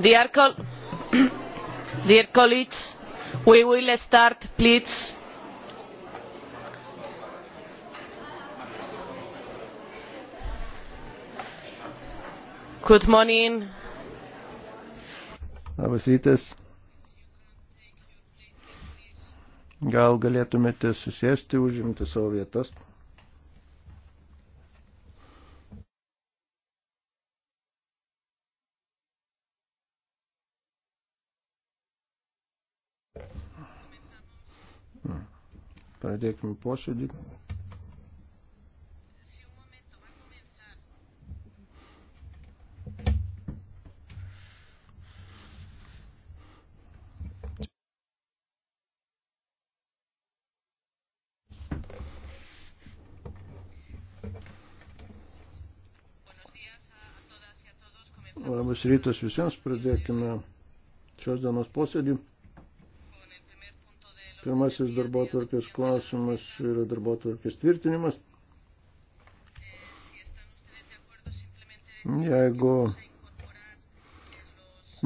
Dear, co dear colleagues, we will start, please. Good morning. Labas rytas. Gal galėtumėte susėsti, užimti savo vietas? Pradėkime posėdį. Labas rytas visiems, pradėkime šios dienos posėdį. Pirmasis darbo tvarkės klausimas yra darbo tvarkės tvirtinimas. Jeigu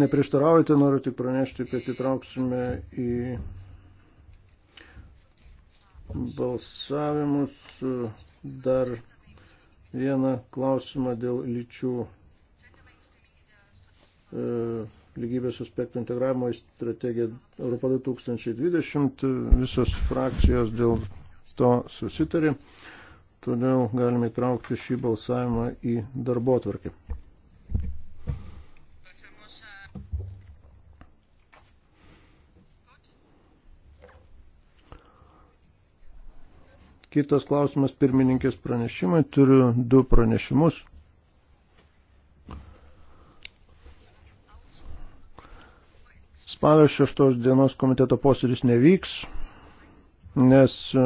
neprieštaraujate, noriu tik pranešti, kad įtrauksime į balsavimus dar vieną klausimą dėl lyčių. E, lygybės aspektų integravimo į strategiją Europa 2020. Visos frakcijos dėl to susitarė, todėl galime įtraukti šį balsavimą į darbo atvarkį. Kitas klausimas pirmininkės pranešimai. Turiu du pranešimus. Spalio 6 dienos komiteto posėdis nevyks, nes e,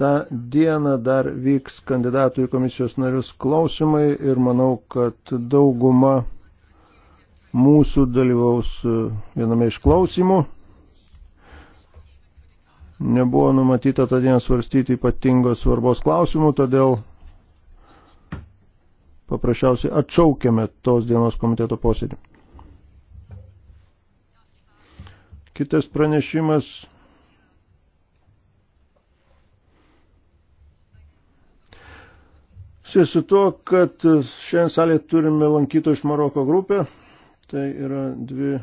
tą dieną dar vyks kandidatų į komisijos narius klausimai ir manau, kad dauguma mūsų dalyvaus e, viename iš klausimų. Nebuvo numatyta tą dieną svarstyti ypatingos svarbos klausimų, todėl paprasčiausiai atšaukėme tos dienos komiteto posėdį. Kitas pranešimas. Sės su to, kad šiandien salėje turime lankytojų iš Maroko grupę. Tai yra dvi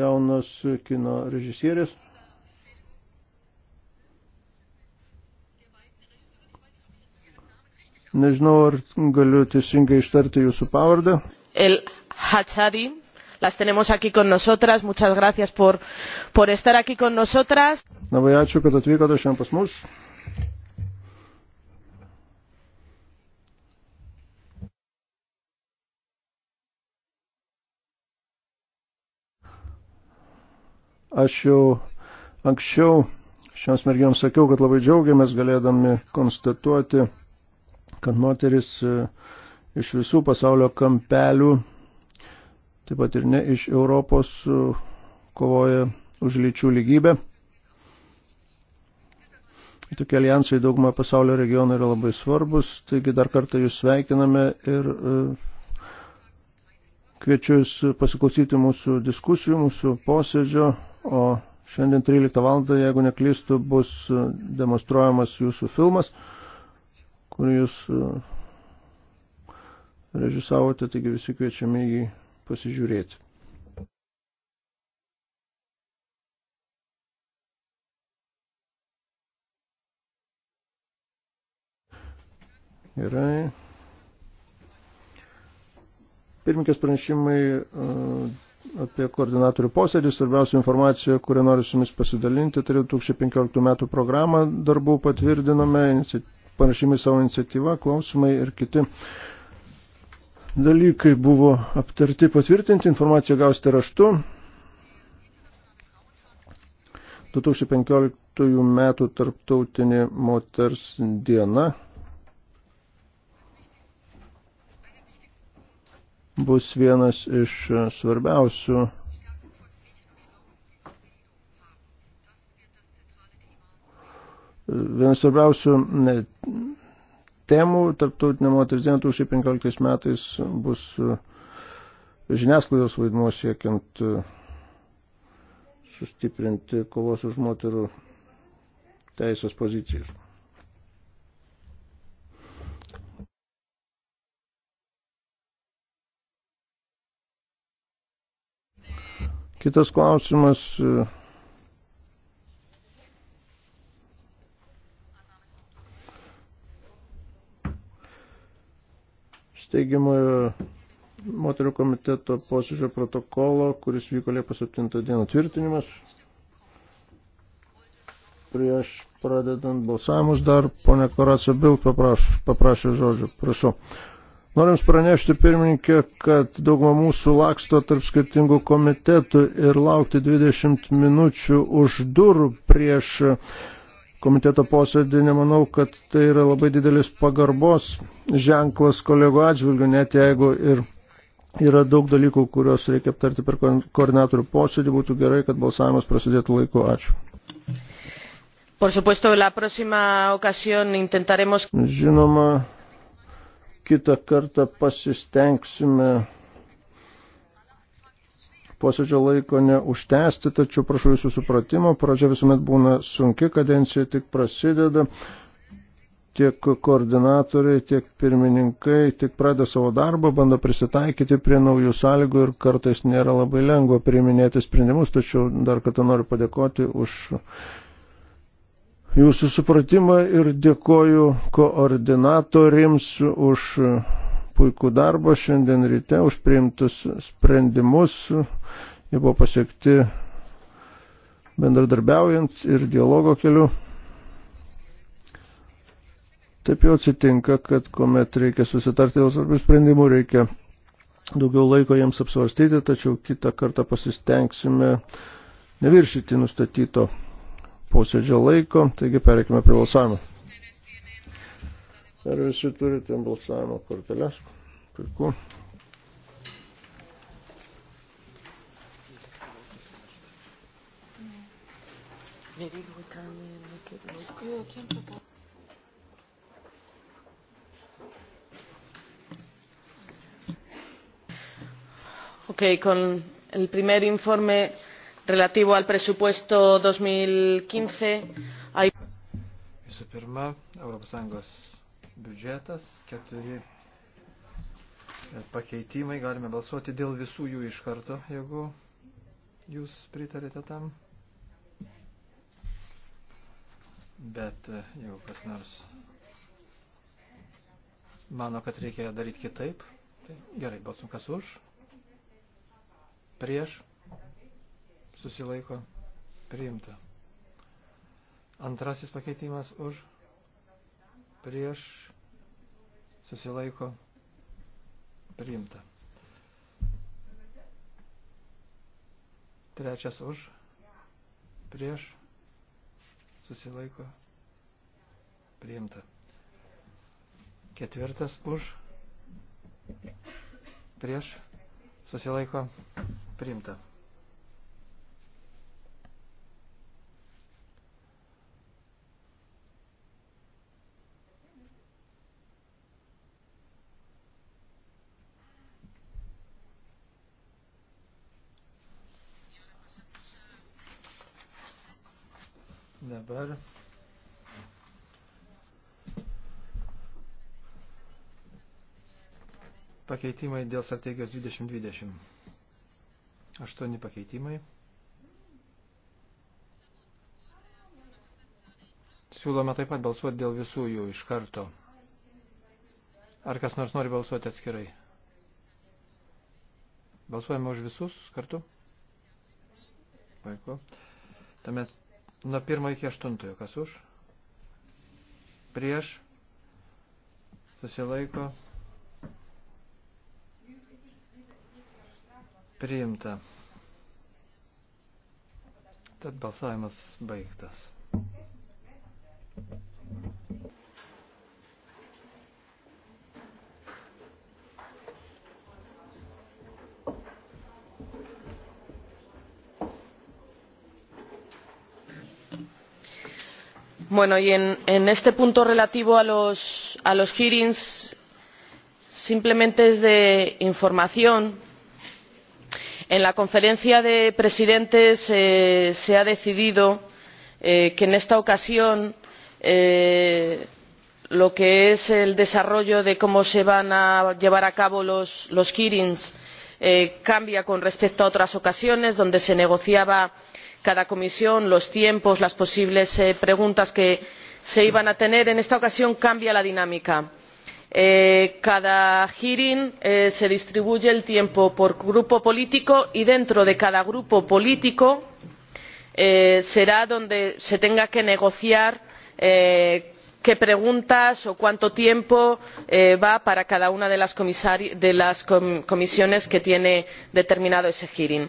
jaunas kino režisierės. Nežinau, ar galiu teisingai ištarti jūsų pavardę. El Hachadi las tenemos aquí con nosotras. Muchas gracias por, por estar aquí con nosotras. Labai ačiū, kad atvykote šiandien pas mus. Aš jau anksčiau šioms mergiams sakiau, kad labai džiaugiamės galėdami konstatuoti, kad moteris e, iš visų pasaulio kampelių taip pat ir ne iš Europos e, kovoja už lyčių lygybę. Tokie alijansai daugumą pasaulio regionų yra labai svarbus, taigi dar kartą jūs sveikiname ir e, kviečiu jūs pasiklausyti mūsų diskusijų, mūsų posėdžio, o šiandien 13 val. jeigu neklystu, bus e, demonstruojamas jūsų filmas, kurį jūs režisavote, taigi visi kviečiami jį pasižiūrėti. Gerai. Pirmikės pranešimai uh, apie koordinatorių posėdį, svarbiausia informacija, kurią noriu su jumis pasidalinti, tai 2015 metų programą darbų patvirtinome, panašimi savo iniciatyvą, klausimai ir kiti dalykai buvo aptarti patvirtinti, informaciją gausite raštu. 2015 metų tarptautinė moters diena bus vienas iš svarbiausių vienas svarbiausių ne, temų. Tarptautinė moters diena 2015 metais bus e, žiniasklaidos vaidmuo siekiant e, sustiprinti kovos už moterų teisės pozicijas. Kitas klausimas e, steigiamojo moterio komiteto posėdžio protokolo, kuris vyko Liepos 7 dieną tvirtinimas. Prieš pradedant balsavimus dar ponė Koracija Bild paprašė, paprašė žodžio. Prašau. Noriu Jums pranešti, pirmininkė, kad dauguma mūsų laksto tarp skirtingų komitetų ir laukti 20 minučių už durų prieš komiteto posėdį, nemanau, kad tai yra labai didelis pagarbos ženklas kolegų atžvilgių, net jeigu ir yra daug dalykų, kuriuos reikia aptarti per koordinatorių posėdį, būtų gerai, kad balsavimas prasidėtų laiku. Ačiū. Por supuesto, la próxima ocasión intentaremos. Žinoma, kitą kartą pasistengsime posėdžio laiko neužtęsti, tačiau prašau jūsų supratimo, pradžia visuomet būna sunki, kadencija tik prasideda, tiek koordinatoriai, tiek pirmininkai, tik pradeda savo darbą, bando prisitaikyti prie naujų sąlygų ir kartais nėra labai lengva priiminėti sprendimus, tačiau dar kartą noriu padėkoti už jūsų supratimą ir dėkoju koordinatorims už puikų darbą šiandien ryte už priimtus sprendimus. Jie buvo pasiekti bendradarbiaujant ir dialogo keliu. Taip jau atsitinka, kad kuomet reikia susitarti dėl svarbių sprendimų, reikia daugiau laiko jiems apsvarstyti, tačiau kitą kartą pasistengsime neviršyti nustatyto posėdžio laiko, taigi pereikime prie balsavimo. Ar visi turite balsavimo korteles? Puiku. Okay, con el primer informe relativo al presupuesto dos mil quince hay. Visų pirma, Europos Sąjungos biudžetas, keturi e, pakeitimai, galime balsuoti dėl visų jų iš karto, jeigu jūs pritarėte tam. Bet e, jeigu kas nors mano, kad reikia daryti kitaip, tai gerai, balsum kas už, prieš, susilaiko, priimta. Antrasis pakeitimas už prieš susilaiko priimta. Trečias už prieš susilaiko priimta. Ketvirtas už prieš susilaiko priimta. dabar. Pakeitimai dėl strategijos 2020. Aštuoni pakeitimai. Siūloma taip pat balsuoti dėl visų jų iš karto. Ar kas nors nori balsuoti atskirai? Balsuojame už visus kartu? Puiku. Tuomet Nuo pirmo iki aštuntojo, kas už? Prieš? Susilaiko? Priimta. Tad balsavimas baigtas. Bueno, y en, en este punto relativo a los, a los hearings, simplemente es de información. En la conferencia de presidentes eh, se ha decidido eh, que en esta ocasión eh, lo que es el desarrollo de cómo se van a llevar a cabo los, los hearings eh, cambia con respecto a otras ocasiones donde se negociaba cada comisión los tiempos las posibles eh, preguntas que se iban a tener en esta ocasión cambia la dinámica. en eh, cada hearing eh, se distribuye el tiempo por grupo político y dentro de cada grupo político será donde se tenga que negociar qué preguntas o cuánto tiempo va para cada una de las comisiones que tiene determinado ese hearing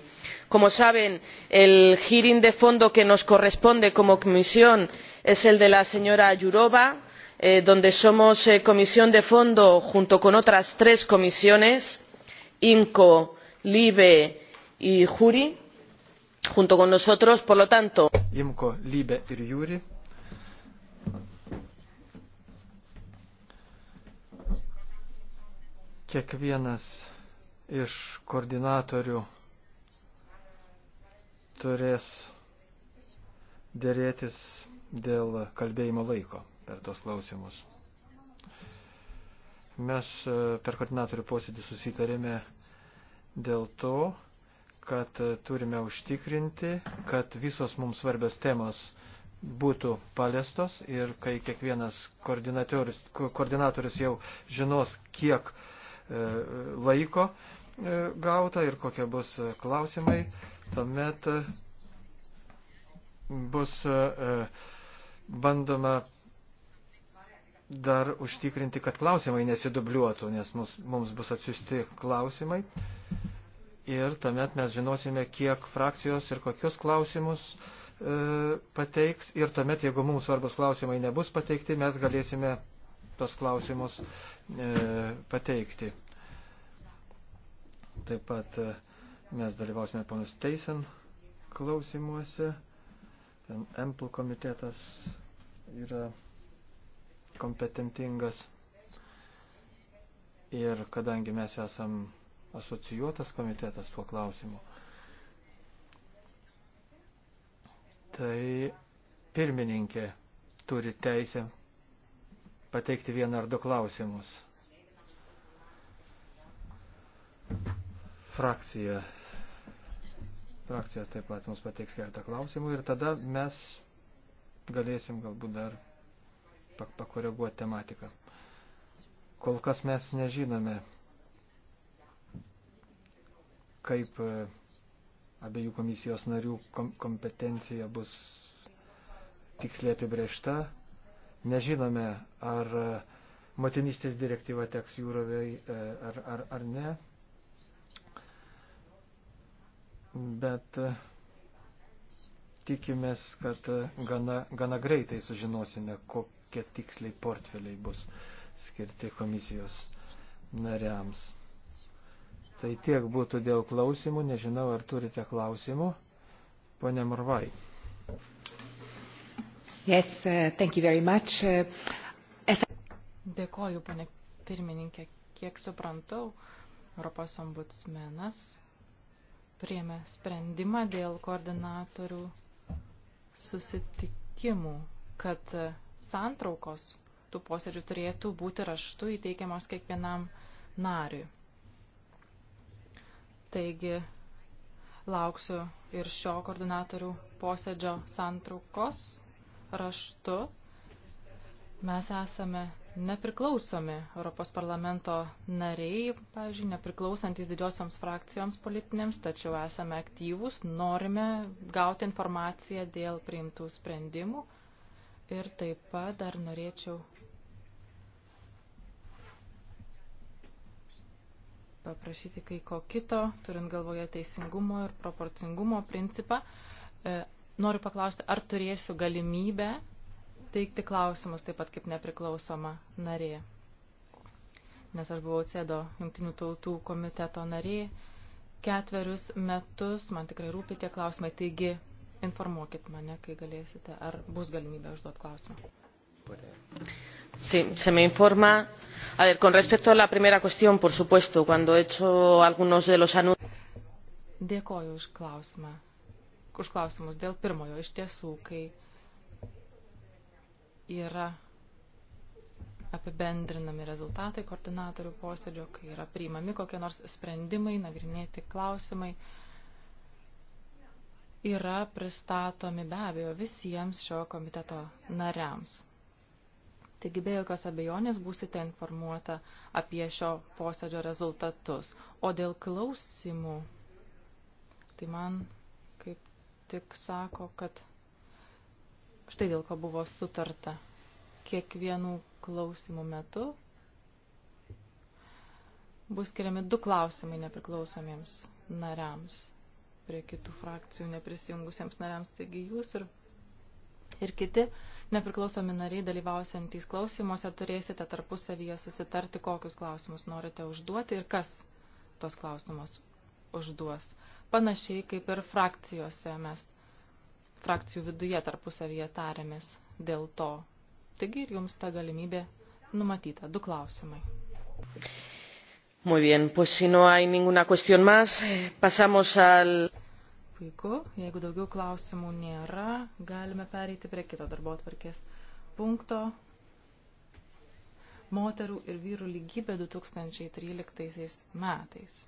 como saben la audiencia de fondo que nos corresponde como comisión es la de la señora jourová eh, donde somos eh, comisión de fondo junto con otras tres comisiones imco libe y juri junto con nosotros por lo tanto imco libe ir juri kiekvienas iš koordinatorių turės dėrėtis dėl kalbėjimo laiko per tos klausimus. Mes e, per koordinatorių posėdį susitarėme dėl to, kad e, turime užtikrinti, kad visos mums svarbios temos būtų paliestos ir kai kiekvienas koordinatorius, koordinatorius jau žinos, kiek e, laiko e, gauta ir kokie bus e, klausimai tuomet e, bus e, e, bandoma dar užtikrinti, kad klausimai nesidubliuotų, nes mus, mums bus atsiusti klausimai. Ir tuomet mes žinosime, kiek frakcijos ir kokius klausimus e, pateiks. Ir tuomet, jeigu mums svarbus klausimai nebus pateikti, mes galėsime tos klausimus e, pateikti. Taip pat. E, Mes dalyvausime panus Teisen klausimuose. Ten Empl komitetas yra kompetentingas. Ir kadangi mes esam asocijuotas komitetas tuo klausimu, tai pirmininkė turi teisę pateikti vieną ar du klausimus. Frakcija frakcijos taip pat mums pateiks keletą klausimų ir tada mes galėsim galbūt dar pakoreguoti tematiką. Kol kas mes nežinome, kaip e, abiejų komisijos narių kompetencija bus tiksliai apibriešta. Nežinome, ar e, motinystės direktyva teks jūroviai e, ar, ar, ar ne bet e, tikimės, kad e, gana, gana greitai sužinosime, kokie tiksliai portfeliai bus skirti komisijos nariams. Tai tiek būtų dėl klausimų, nežinau, ar turite klausimų. Pone Marvai. Yes, uh, thank you very much. Uh, as... Dėkoju, pane pirmininkė. Kiek suprantu, Europos ombudsmenas priėmė sprendimą dėl koordinatorių susitikimų, kad santraukos tų posėdžių turėtų būti raštu įteikiamos kiekvienam nariui. Taigi lauksiu ir šio koordinatorių posėdžio santraukos raštu. Mes esame nepriklausomi Europos parlamento nariai, pavyzdžiui, nepriklausantis didžiosioms frakcijoms politinėms, tačiau esame aktyvūs, norime gauti informaciją dėl priimtų sprendimų. Ir taip pat dar norėčiau paprašyti kai ko kito, turint galvoje teisingumo ir proporcingumo principą. E, noriu paklausti, ar turėsiu galimybę teikti klausimus taip pat kaip nepriklausoma narė. Nes aš buvau CEDO Junktinių tautų komiteto narė ketverius metus, man tikrai rūpi tie klausimai, taigi informuokit mane, kai galėsite, ar bus galimybė užduoti klausimą. Sí, se me informa. A ver, con respecto a la primera cuestión, por supuesto, cuando he hecho algunos de los anuncios. Dėkoju už klausimą. Už klausimus dėl pirmojo. Iš tiesų, kai yra apibendrinami rezultatai koordinatorių posėdžio, kai yra priimami kokie nors sprendimai, nagrinėti klausimai, yra pristatomi be abejo visiems šio komiteto nariams. Taigi be jokios abejonės būsite informuota apie šio posėdžio rezultatus. O dėl klausimų, tai man kaip tik sako, kad Štai dėl ko buvo sutarta. Kiekvienų klausimų metu bus skiriami du klausimai nepriklausomiems nariams, prie kitų frakcijų neprisijungusiems nariams, taigi jūs ir, ir kiti nepriklausomi nariai dalyvausiantys klausimuose turėsite tarpusavyje susitarti, kokius klausimus norite užduoti ir kas tos klausimus užduos. Panašiai kaip ir frakcijose mes frakcijų viduje tarpusavyje tarėmės dėl to. Taigi ir jums ta galimybė numatyta. Du klausimai. Muy bien, pues si no hay ninguna cuestión más, pasamos al. Puiku, jeigu daugiau klausimų nėra, galime pereiti prie kito darbo atvarkės punkto. Moterų ir vyrų lygybė 2013 metais.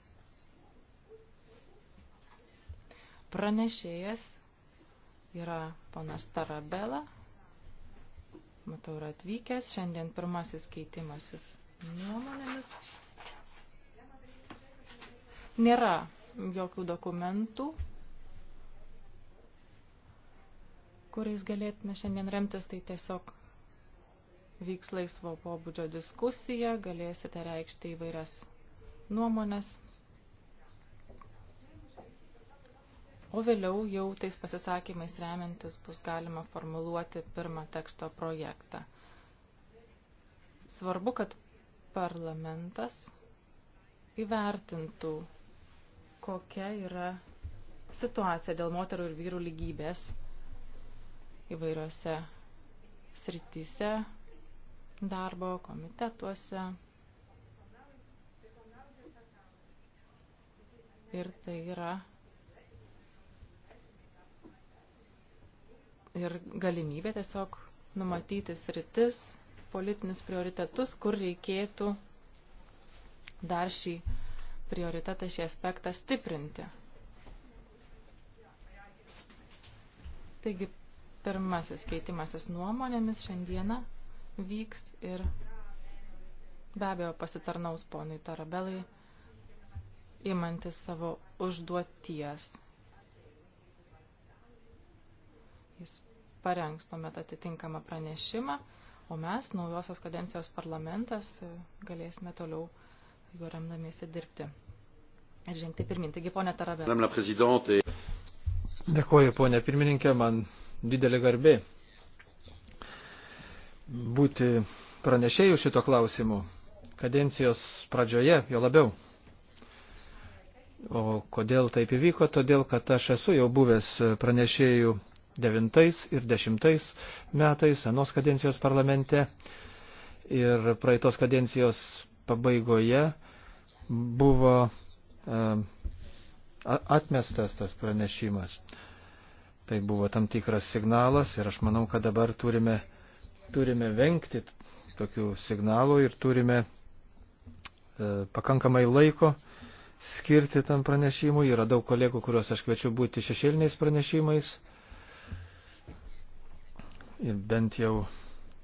Pranešėjas yra ponas Tarabela. Matau, yra atvykęs. Šiandien pirmasis keitimasis nuomonėmis. Nėra jokių dokumentų, kuriais galėtume šiandien remtis, tai tiesiog vyks laisvo pobūdžio diskusija, galėsite reikšti įvairias nuomonės. o vėliau jau tais pasisakymais remiantis bus galima formuluoti pirmą teksto projektą. Svarbu, kad parlamentas įvertintų, kokia yra situacija dėl moterų ir vyrų lygybės įvairiose srityse, darbo komitetuose. Ir tai yra ir galimybė tiesiog numatyti sritis, politinius prioritetus, kur reikėtų dar šį prioritetą, šį aspektą stiprinti. Taigi, pirmasis keitimasis nuomonėmis šiandieną vyks ir be abejo pasitarnaus ponui Tarabelai imantis savo užduoties. Jis parengs tuomet atitinkamą pranešimą, o mes, naujosios kadencijos parlamentas, galėsime toliau juo remdamiesi dirbti ir žengti pirmin. Taigi, ponė Tarabė. Dėkuoju, ponė pirmininkė, man didelė garbė būti pranešėjų šito klausimu kadencijos pradžioje, jo labiau. O kodėl taip įvyko? Todėl, kad aš esu jau buvęs pranešėjų 2009 ir 2010 metais senos kadencijos parlamente ir praeitos kadencijos pabaigoje buvo atmestas tas pranešimas. Tai buvo tam tikras signalas ir aš manau, kad dabar turime, turime vengti tokių signalų ir turime e, pakankamai laiko skirti tam pranešimui. Yra daug kolegų, kuriuos aš kviečiu būti šešėliniais pranešimais ir bent jau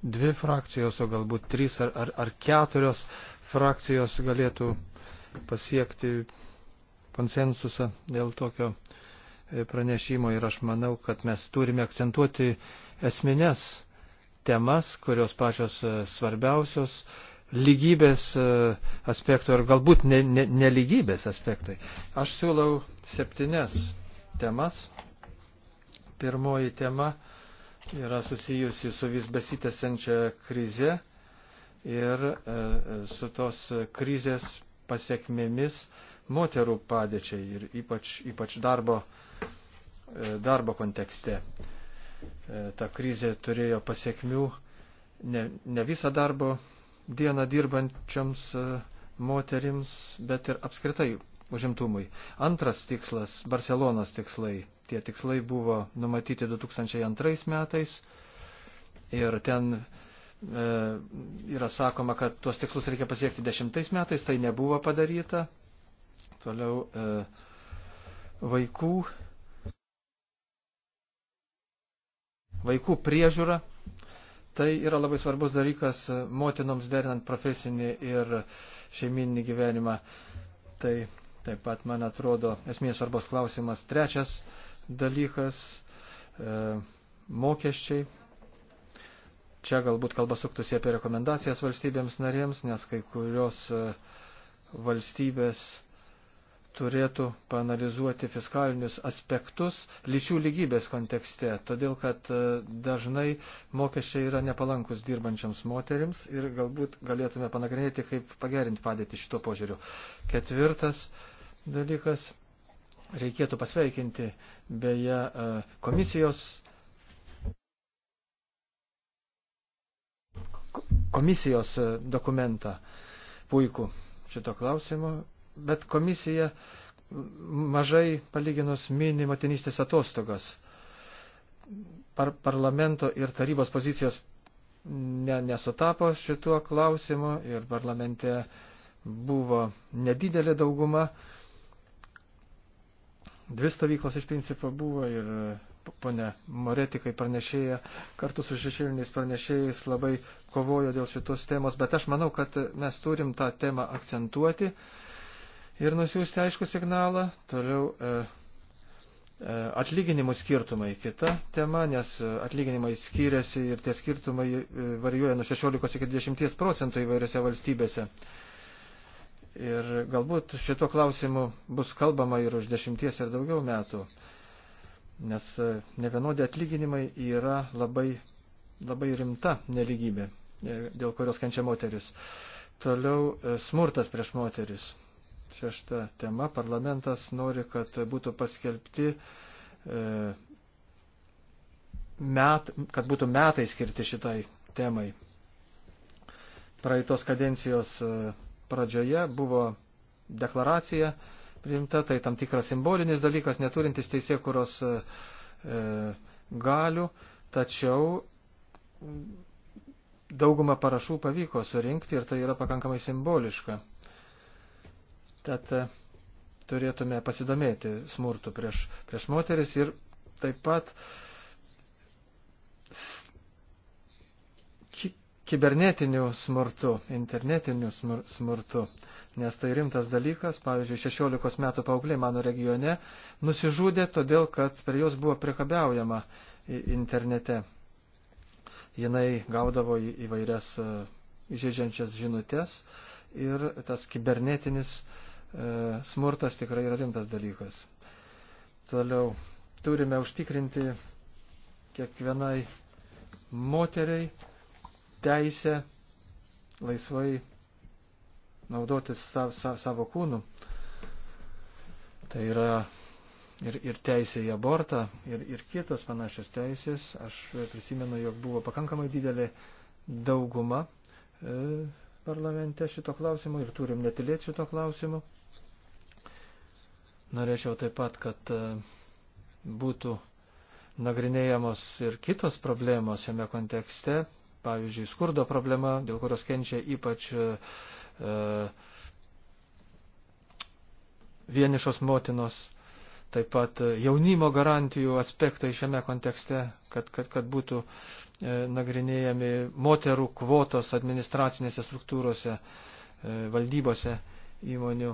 dvi frakcijos, o galbūt trys ar, ar, ar keturios frakcijos galėtų pasiekti konsensusą dėl tokio e, pranešimo ir aš manau, kad mes turime akcentuoti esminės temas, kurios pačios e, svarbiausios lygybės e, aspektų ir galbūt nelygybės ne, ne aspektai. Aš siūlau septynes temas. Pirmoji tema yra susijusi su vis besitęsiančia krize ir e, e, su tos krizės pasiekmėmis moterų padėčiai ir ypač, ypač darbo, e, darbo kontekste. Ta krizė turėjo pasiekmių ne, ne visą darbo dieną dirbančiams moterims, bet ir apskritai užimtumui. Antras tikslas - Barcelonos tikslai Tie tikslai buvo numatyti 2002 metais ir ten e, yra sakoma, kad tuos tikslus reikia pasiekti 10 metais, tai nebuvo padaryta. Toliau e, vaikų, vaikų priežiūra. Tai yra labai svarbus dalykas motinoms derinant profesinį ir šeiminį gyvenimą. Tai taip pat, man atrodo, esmės svarbos klausimas. Trečias dalykas, e, mokesčiai. Čia galbūt kalba suktųsi apie rekomendacijas valstybėms narėms, nes kai kurios e, valstybės turėtų panalizuoti fiskalinius aspektus lyčių lygybės kontekste, todėl kad e, dažnai mokesčiai yra nepalankus dirbančiams moterims ir galbūt galėtume panagrinėti, kaip pagerinti padėtį šito požiūriu. Ketvirtas dalykas reikėtų pasveikinti beje e, komisijos, komisijos e, dokumentą puikų šito klausimo, bet komisija mažai palyginus mini motinystės atostogas. Par parlamento ir tarybos pozicijos ne, nesutapo šituo klausimu ir parlamente buvo nedidelė dauguma Dvi stovyklos iš principo buvo ir e, ponė Moreti, kaip pranešėja, kartu su šešėliniais pranešėjais labai kovojo dėl šitos temos, bet aš manau, kad mes turim tą temą akcentuoti ir nusiųsti aišku signalą. Toliau e, e, atlyginimų skirtumai kita tema, nes e, atlyginimai skiriasi ir tie skirtumai e, varijuoja nuo 16 iki 20 procentų įvairiose valstybėse. E, Ir galbūt šito klausimu bus kalbama ir už dešimties ir daugiau metų, nes e, nevienodi atlyginimai yra labai, labai rimta neligybė, e, dėl kurios kenčia moteris. Toliau e, smurtas prieš moteris. Šešta tema. Parlamentas nori, kad būtų paskelbti met, kad būtų metai skirti šitai temai. Praeitos kadencijos pradžioje buvo deklaracija priimta, tai tam tikras simbolinis dalykas, neturintis teisėkuros e, e galių, tačiau daugumą parašų pavyko surinkti ir tai yra pakankamai simboliška. Tad e, turėtume pasidomėti smurtų prieš, prieš moteris ir taip pat kibernetiniu smurtu, internetiniu smur, smurtu, nes tai rimtas dalykas. Pavyzdžiui, 16 metų paaugliai mano regione nusižudė todėl, kad prie jos buvo priekabiaujama internete. Jinai gaudavo įvairias e, įžeidžiančias žinutės ir tas kibernetinis e, smurtas tikrai yra rimtas dalykas. Toliau turime užtikrinti kiekvienai moteriai teisę laisvai naudotis savo, savo, savo kūnu. Tai yra ir, ir teisė į abortą, ir, ir kitos panašios teisės. Aš prisimenu, jog buvo pakankamai didelė dauguma e, parlamente šito klausimo ir turim netilėti šito klausimo. Norėčiau taip pat, kad e, būtų nagrinėjamos ir kitos problemos šiame kontekste, pavyzdžiui, skurdo problema, dėl kurios kenčia ypač e, e vienišos motinos, taip pat e, jaunimo garantijų aspektai šiame kontekste, kad, kad, kad būtų e, nagrinėjami moterų kvotos administracinėse struktūrose, e, valdybose įmonių.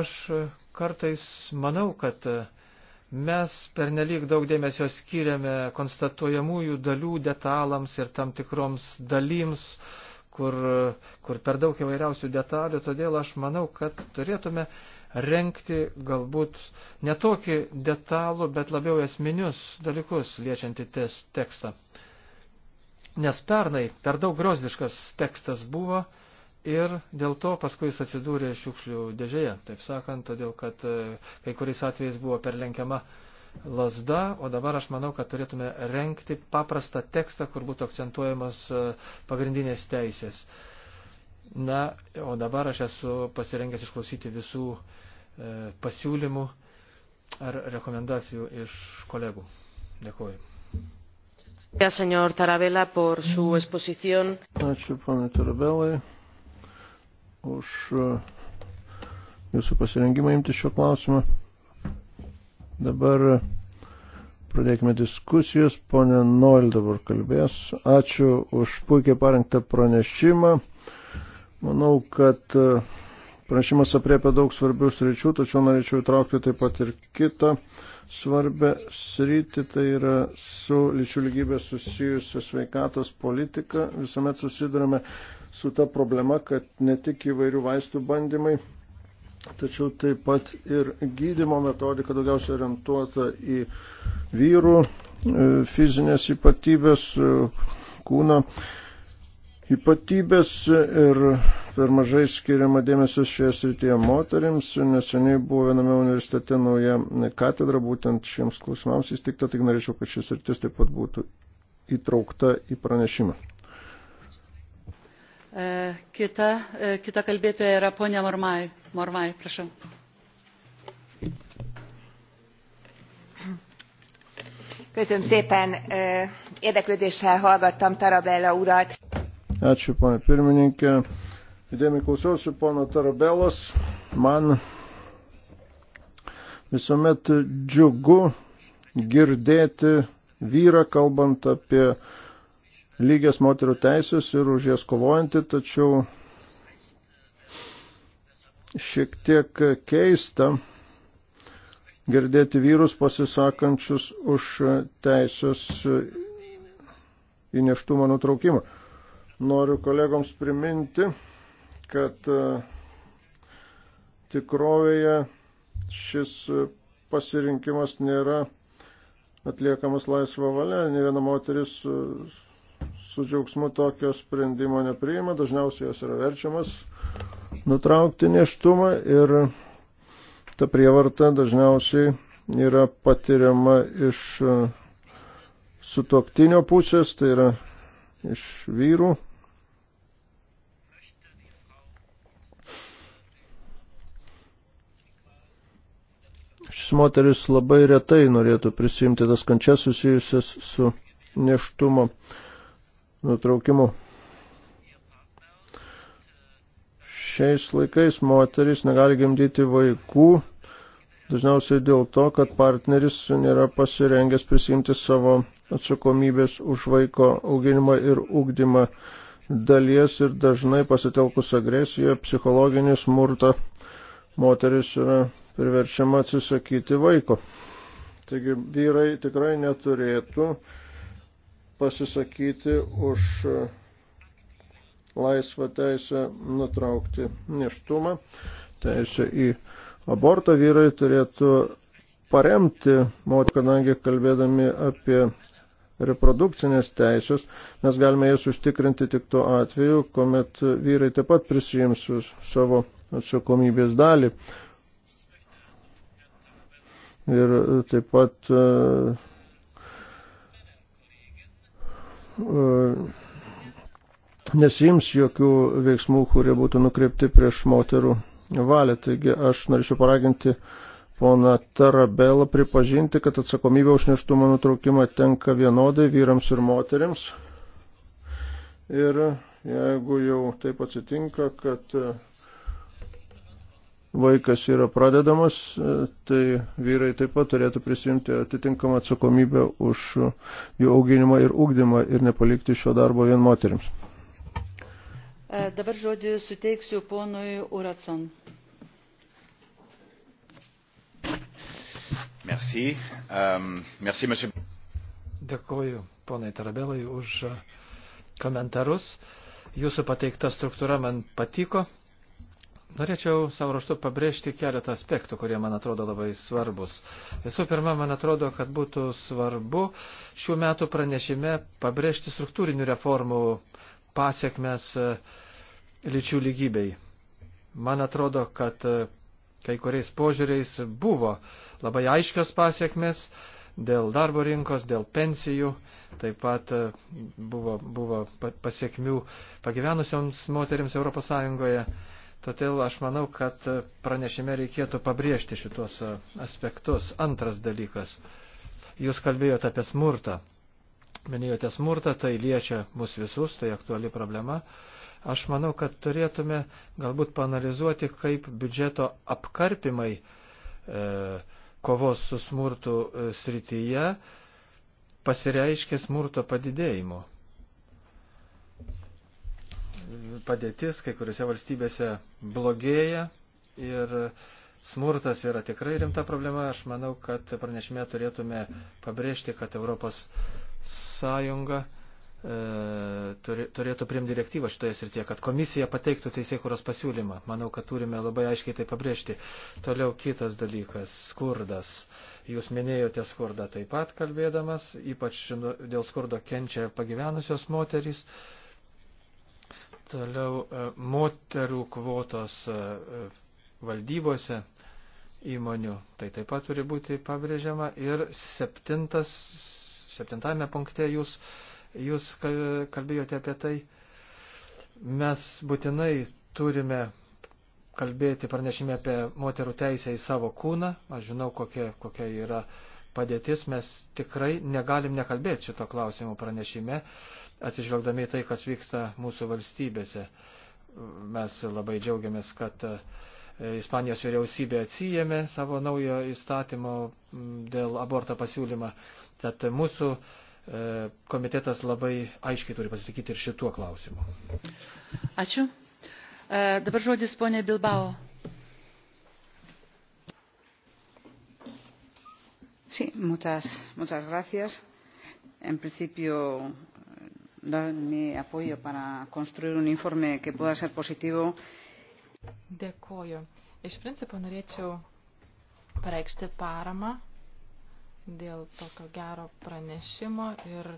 Aš e, kartais manau, kad e, Mes pernelyg daug dėmesio skiriame konstatuojamųjų dalių detalams ir tam tikroms dalims, kur, kur per daug įvairiausių detalių, todėl aš manau, kad turėtume renkti galbūt ne tokį detalų, bet labiau esminius dalykus liečianti tekstą. Nes pernai per daug grozdiškas tekstas buvo ir dėl to paskui jis atsidūrė šiukšlių dėžėje, taip sakant, todėl kad e, kai kuriais atvejais buvo perlenkiama lasda, o dabar aš manau, kad turėtume renkti paprastą tekstą, kur būtų akcentuojamas e, pagrindinės teisės. Na, o dabar aš esu pasirengęs išklausyti visų e, pasiūlymų ar rekomendacijų iš kolegų. Dėkuoju. Gracias, señor Tarabella, por su exposición. Ačiū, ponai Tarabelai už e, jūsų pasirengimą imti šio klausimą. Dabar e, pradėkime diskusijos. Pone Noil dabar kalbės. Ačiū už puikiai parengtą pranešimą. Manau, kad uh, Pranešimas apriepia daug svarbių sričių, tačiau norėčiau įtraukti taip pat ir kitą svarbę sritį, tai yra su lyčių lygybė susijusiu sveikatos politika. Visuomet susidurime su ta problema, kad ne tik įvairių vaistų bandymai, tačiau taip pat ir gydimo metodika daugiausiai orientuota į vyrų e, fizinės ypatybės e, kūną ypatybės ir per mažai skiriama dėmesio šioje srityje moterims. Neseniai buvo viename universitete nauja katedra būtent šiems klausimams įsteigta, tik norėčiau, kad šis sritis taip pat būtų įtraukta į pranešimą. E, kita, e, kita kalbėtoja yra ponia Mormai. Mormai, prašau. Köszönöm szépen, e, érdeklődéssel hallgattam Tarabella urat Ačiū, ponė pirmininkė. Įdėmiai klausiausi pono Tarabelos. Man visuomet džiugu girdėti vyrą kalbant apie lygias moterų teisės ir už jas kovojantį, tačiau šiek tiek keista girdėti vyrus pasisakančius už teisės į neštumą nutraukimą. Noriu kolegoms priminti, kad e, tikrovėje šis pasirinkimas nėra atliekamas laisvą valią. Ne viena moteris e, su džiaugsmu tokio sprendimo nepriima, dažniausiai jos yra verčiamas nutraukti neštumą ir ta prievarta dažniausiai yra patiriama iš e, sutoktinio pusės, tai yra iš vyrų Šis moteris labai retai norėtų prisimti tas kančias susijusias su neštumo nutraukimu. Šiais laikais moteris negali gimdyti vaikų, dažniausiai dėl to, kad partneris nėra pasirengęs prisimti savo atsakomybės už vaiko auginimą ir ugdymą dalies ir dažnai pasitelkus agresiją, psichologinį smurtą, moteris yra priverčiama atsisakyti vaiko. Taigi vyrai tikrai neturėtų pasisakyti už laisvą teisę nutraukti neštumą, teisę į abortą vyrai turėtų paremti moterį, kadangi kalbėdami apie reprodukcinės teisės, mes galime jas užtikrinti tik tuo atveju, kuomet vyrai taip pat prisijims savo atsakomybės dalį Ir taip pat uh, e, e, nesims jokių veiksmų, kurie būtų nukreipti prieš moterų valią. Taigi aš norėčiau paraginti pona Tarabelą pripažinti, kad atsakomybė už neštumą nutraukimą tenka vienodai vyrams ir moteriams. Ir jeigu jau taip atsitinka, kad uh, vaikas yra pradedamas, e, tai vyrai taip pat turėtų prisimti atitinkamą atsakomybę už jų auginimą ir ūkdymą ir nepalikti šio darbo vien moteriams. E, dabar žodį suteiksiu ponui Uracon. Merci. Um, merci, monsieur. Dėkuoju ponai Tarabelai už komentarus. Jūsų pateikta struktūra man patiko. Norėčiau savo raštu pabrėžti keletą aspektų, kurie man atrodo labai svarbus. Visų pirma, man atrodo, kad būtų svarbu šių metų pranešime pabrėžti struktūrinių reformų pasiekmes e, lyčių lygybei. Man atrodo, kad e, kai kuriais požiūriais buvo labai aiškios pasiekmes dėl darbo rinkos, dėl pensijų, taip pat e, buvo, buvo pasiekmių pagyvenusioms moteriams ES Todėl aš manau, kad pranešime reikėtų pabrėžti šitos aspektus. Antras dalykas. Jūs kalbėjote apie smurtą. Minėjote smurtą, tai liečia mus visus, tai aktuali problema. Aš manau, kad turėtume galbūt panalizuoti, kaip biudžeto apkarpimai e, kovos su smurtu e, srityje pasireiškia smurto padidėjimu padėtis kai kuriuose valstybėse blogėja ir smurtas yra tikrai rimta problema. Aš manau, kad pranešime turėtume pabrėžti, kad Europos Sąjunga e, turėtų priimti direktyvą šitoje srityje, kad komisija pateiktų teisėkuros pasiūlymą. Manau, kad turime labai aiškiai tai pabrėžti. Toliau kitas dalykas - skurdas. Jūs minėjote skurdą taip pat kalbėdamas, ypač nu, dėl skurdo kenčia pagyvenusios moterys. E, Toliau e, moterų kvotos e, valdybose įmonių. Tai taip pat turi būti pabrėžiama. Ir septintas, septintame punkte jūs, jūs kalbėjote apie tai. Mes būtinai turime kalbėti pranešime apie moterų teisę į savo kūną. Aš žinau, kokia, kokia yra padėtis. Mes tikrai negalim nekalbėti šito klausimu pranešime. Uh, atsižvelgdami tai, kas vyksta mūsų valstybėse. Mes labai džiaugiamės, kad e, Ispanijos vyriausybė atsijėmė savo naujo įstatymo dėl aborto pasiūlymą. Tad mūsų e, komitetas labai aiškiai turi pasisakyti ir šituo klausimu. Ačiū. E, dabar žodis ponė Bilbao. Sí, muchas, muchas gracias. En principio, dar mi apoyo para construir un informe que pueda ser positivo. Dėkoju. Iš principo norėčiau pareikšti paramą dėl tokio gero pranešimo ir,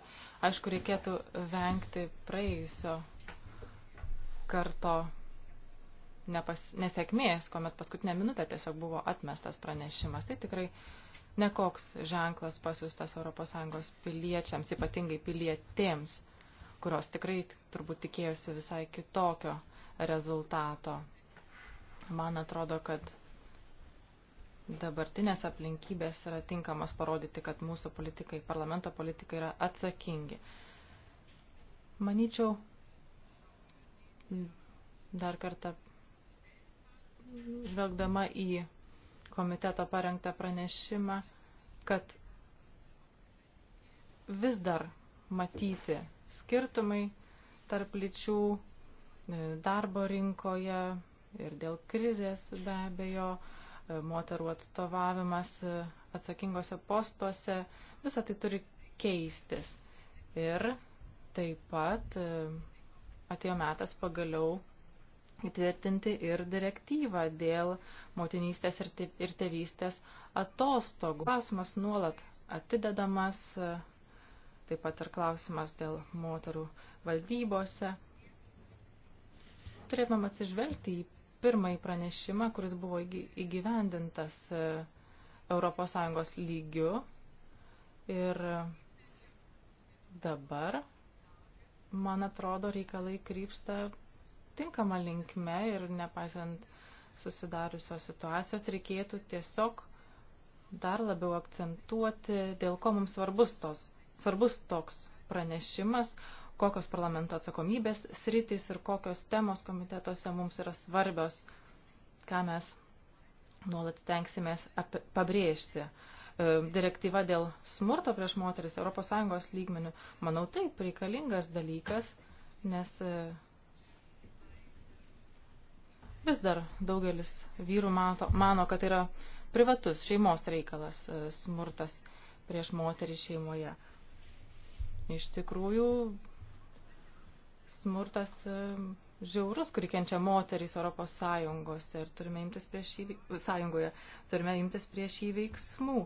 aišku, reikėtų vengti praėjusio karto nepas, nesėkmės, kuomet paskutinę minutę tiesiog buvo atmestas pranešimas. Tai tikrai nekoks ženklas pasiūstas ES piliečiams, ypatingai pilietėms kurios tikrai turbūt tikėjosi visai kitokio rezultato. Man atrodo, kad dabartinės aplinkybės yra tinkamas parodyti, kad mūsų politikai, parlamento politikai yra atsakingi. Manyčiau, dar kartą žvelgdama į komiteto parengtą pranešimą, kad vis dar matyti skirtumai tarp lyčių e, darbo rinkoje ir dėl krizės be abejo, e, moterų atstovavimas e, atsakingose postuose, visą tai turi keistis. Ir taip pat atėjo metas pagaliau įtvirtinti ir direktyvą dėl motinystės ir tėvystės atostogų. Klausimas nuolat atidedamas, taip pat ir klausimas dėl moterų valdybose. Turėtumėm atsižvelgti į pirmąjį pranešimą, kuris buvo įgyvendintas ES lygiu ir dabar, man atrodo, reikalai krypsta tinkama linkme ir nepaisant susidariusios situacijos reikėtų tiesiog dar labiau akcentuoti, dėl ko mums svarbus tos svarbus toks pranešimas, kokios parlamento atsakomybės sritys ir kokios temos komitetuose mums yra svarbios, ką mes nuolat tenksimės pabrėžti. E, direktyva dėl smurto prieš moteris ES lygmenių, manau, taip reikalingas dalykas, nes e, vis dar daugelis vyrų mato, mano, kad tai yra privatus šeimos reikalas e, smurtas prieš moterį šeimoje. Iš tikrųjų, smurtas e, žiaurus, kurį kenčia moterys Europos Sąjungos ir turime imtis prieš jį, sąjungoje, turime imtis prieš jį veiksmų.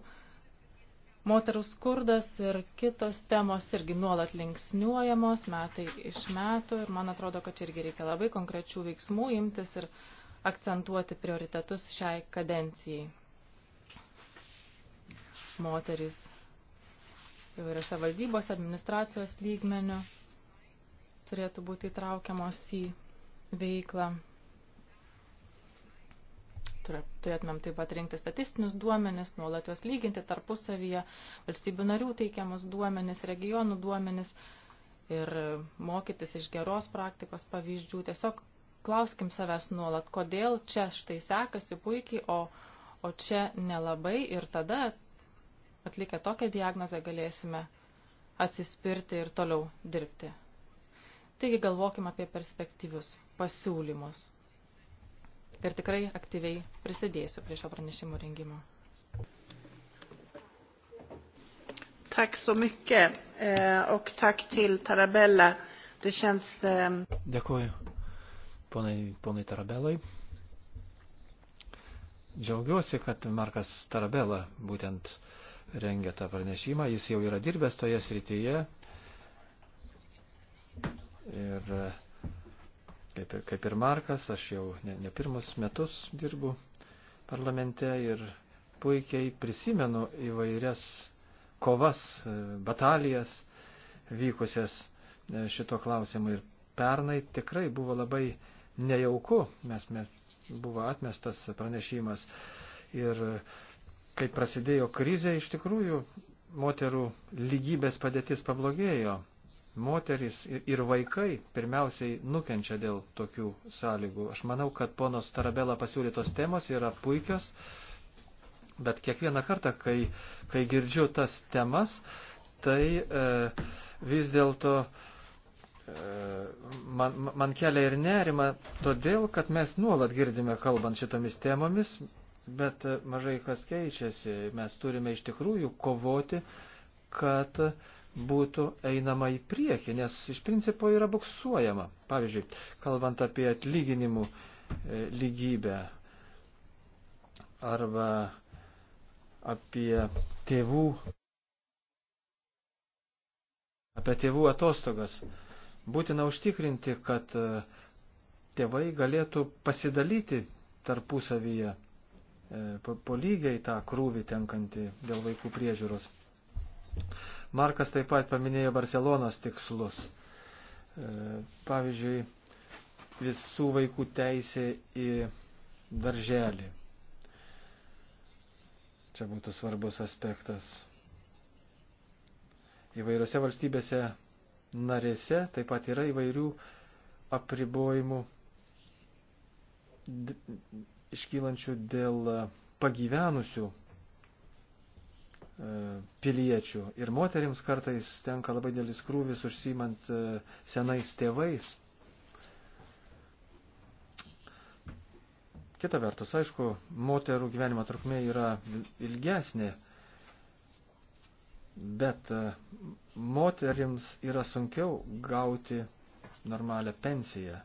Moterų skurdas ir kitos temos irgi nuolat linksniuojamos metai iš metų ir man atrodo, kad čia irgi reikia labai konkrečių veiksmų imtis ir akcentuoti prioritetus šiai kadencijai. Moterys įvairiose valdybos, administracijos lygmenių turėtų būti įtraukiamos į veiklą. Turėtumėm taip pat rinkti statistinius duomenis, nuolat juos lyginti tarpusavyje, valstybių narių teikiamus duomenis, regionų duomenis ir mokytis iš geros praktikos pavyzdžių. Tiesiog klauskim savęs nuolat, kodėl čia štai sekasi puikiai, o, o čia nelabai ir tada atlikę tokią diagnozę galėsime atsispirti ir toliau dirbti. Taigi galvokime apie perspektyvius pasiūlymus. Ir tikrai aktyviai prisidėsiu prie šio pranešimo rengimo. Tack så mycket eh, och tack till Tarabella. Det känns... Eh... Dėkuoju. Ponai, ponai Tarabellai. Džiaugiuosi, kad Markas Tarabella būtent eh, rengia tą pranešimą, jis jau yra dirbęs toje srityje. Ir e, kaip, kaip ir Markas, aš jau ne, ne pirmus metus dirbu parlamente ir puikiai prisimenu įvairias kovas, e, batalijas vykusias e, šito klausimu. Ir pernai tikrai buvo labai nejauku, mes, mes buvo atmestas pranešimas. Ir kai prasidėjo krizė, iš tikrųjų moterų lygybės padėtis pablogėjo. Moteris ir vaikai pirmiausiai nukenčia dėl tokių sąlygų. Aš manau, kad ponos Tarabela pasiūlytos temos yra puikios, bet kiekvieną kartą, kai, kai girdžiu tas temas, tai e, vis dėlto e, man, man kelia ir nerima, todėl, kad mes nuolat girdime kalbant šitomis temomis, bet e, mažai kas keičiasi. Mes turime iš tikrųjų kovoti, kad būtų einama į priekį, nes iš principo yra buksuojama. Pavyzdžiui, kalbant apie atlyginimų e, lygybę arba apie tėvų, apie tėvų atostogas. Būtina užtikrinti, kad e, tėvai galėtų pasidalyti tarpusavyje E, po, po lygiai tą krūvį tenkantį dėl vaikų priežiūros. Markas taip pat paminėjo Barcelonos tikslus. E, pavyzdžiui, visų vaikų teisė į darželį. Čia būtų svarbus aspektas. Įvairiose valstybėse narėse taip pat yra įvairių apribojimų iškylančių dėl pagyvenusių e, piliečių. Ir moteriams kartais tenka labai dėlis krūvis užsimant e, senais tėvais. Kita vertus, aišku, moterų gyvenimo trukmė yra ilgesnė, bet e, moteriams yra sunkiau gauti normalią pensiją.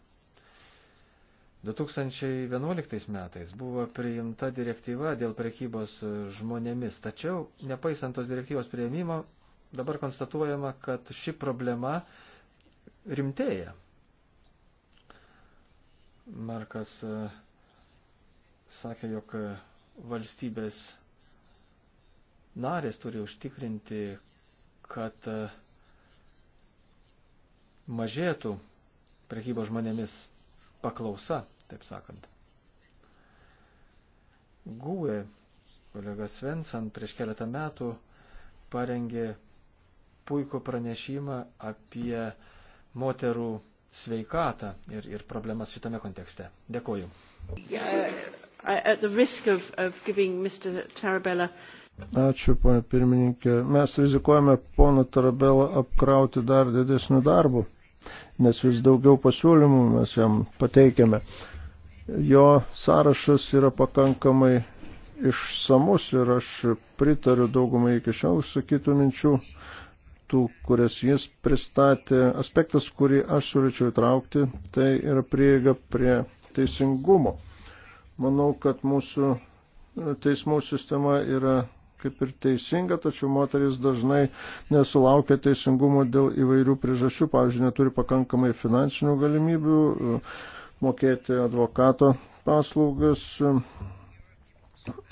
2011 metais buvo priimta direktyva dėl prekybos žmonėmis, tačiau nepaisant tos direktyvos prieimimo, dabar konstatuojama, kad ši problema rimtėja. Markas e, sakė, jog valstybės narės turi užtikrinti, kad e, mažėtų prekybos žmonėmis paklausa, taip sakant. Gūė, kolega Svensan, prieš keletą metų parengė puikų pranešimą apie moterų sveikatą ir, ir problemas šitame kontekste. Dėkuoju. Ačiū, ponė pirmininkė. Mes rizikuojame pono Tarabelą apkrauti dar didesnių darbų nes vis daugiau pasiūlymų mes jam pateikiame. Jo sąrašas yra pakankamai išsamus ir aš pritariu daugumai iki šiol sakytų minčių, tų, kurias jis pristatė. Aspektas, kurį aš siūlyčiau įtraukti, tai yra prieiga prie teisingumo. Manau, kad mūsų teismų sistema yra kaip ir teisinga, tačiau moteris dažnai nesulaukia teisingumo dėl įvairių priežasčių, pavyzdžiui, neturi pakankamai finansinių galimybių e, mokėti advokato paslaugas, e,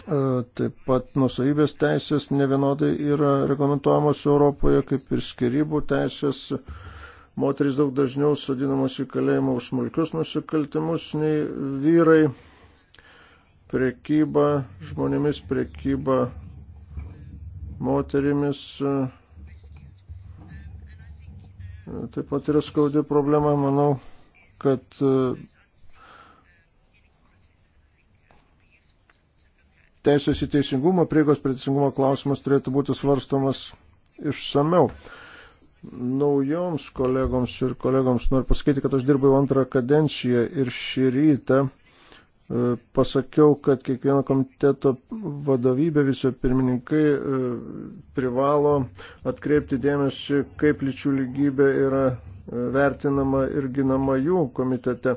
taip pat nusavybės teisės nevienodai yra reglamentuojamos Europoje, kaip ir skirybų teisės. Moterys daug dažniau sodinamos į kalėjimą už smulkius nusikaltimus nei vyrai. Prekyba žmonėmis, prekyba moterimis e, taip pat yra skaudi problema. Manau, kad e, teisės į teisingumą, prieigos prie teisingumo klausimas turėtų būti svarstomas išsameu. Naujoms kolegoms ir kolegoms noriu pasakyti, kad aš dirbu antrą kadenciją ir šį rytą E, pasakiau, kad kiekvieno komiteto vadovybė, viso pirmininkai e, privalo atkreipti dėmesį, kaip lyčių lygybė yra e, vertinama ir ginama jų komitete.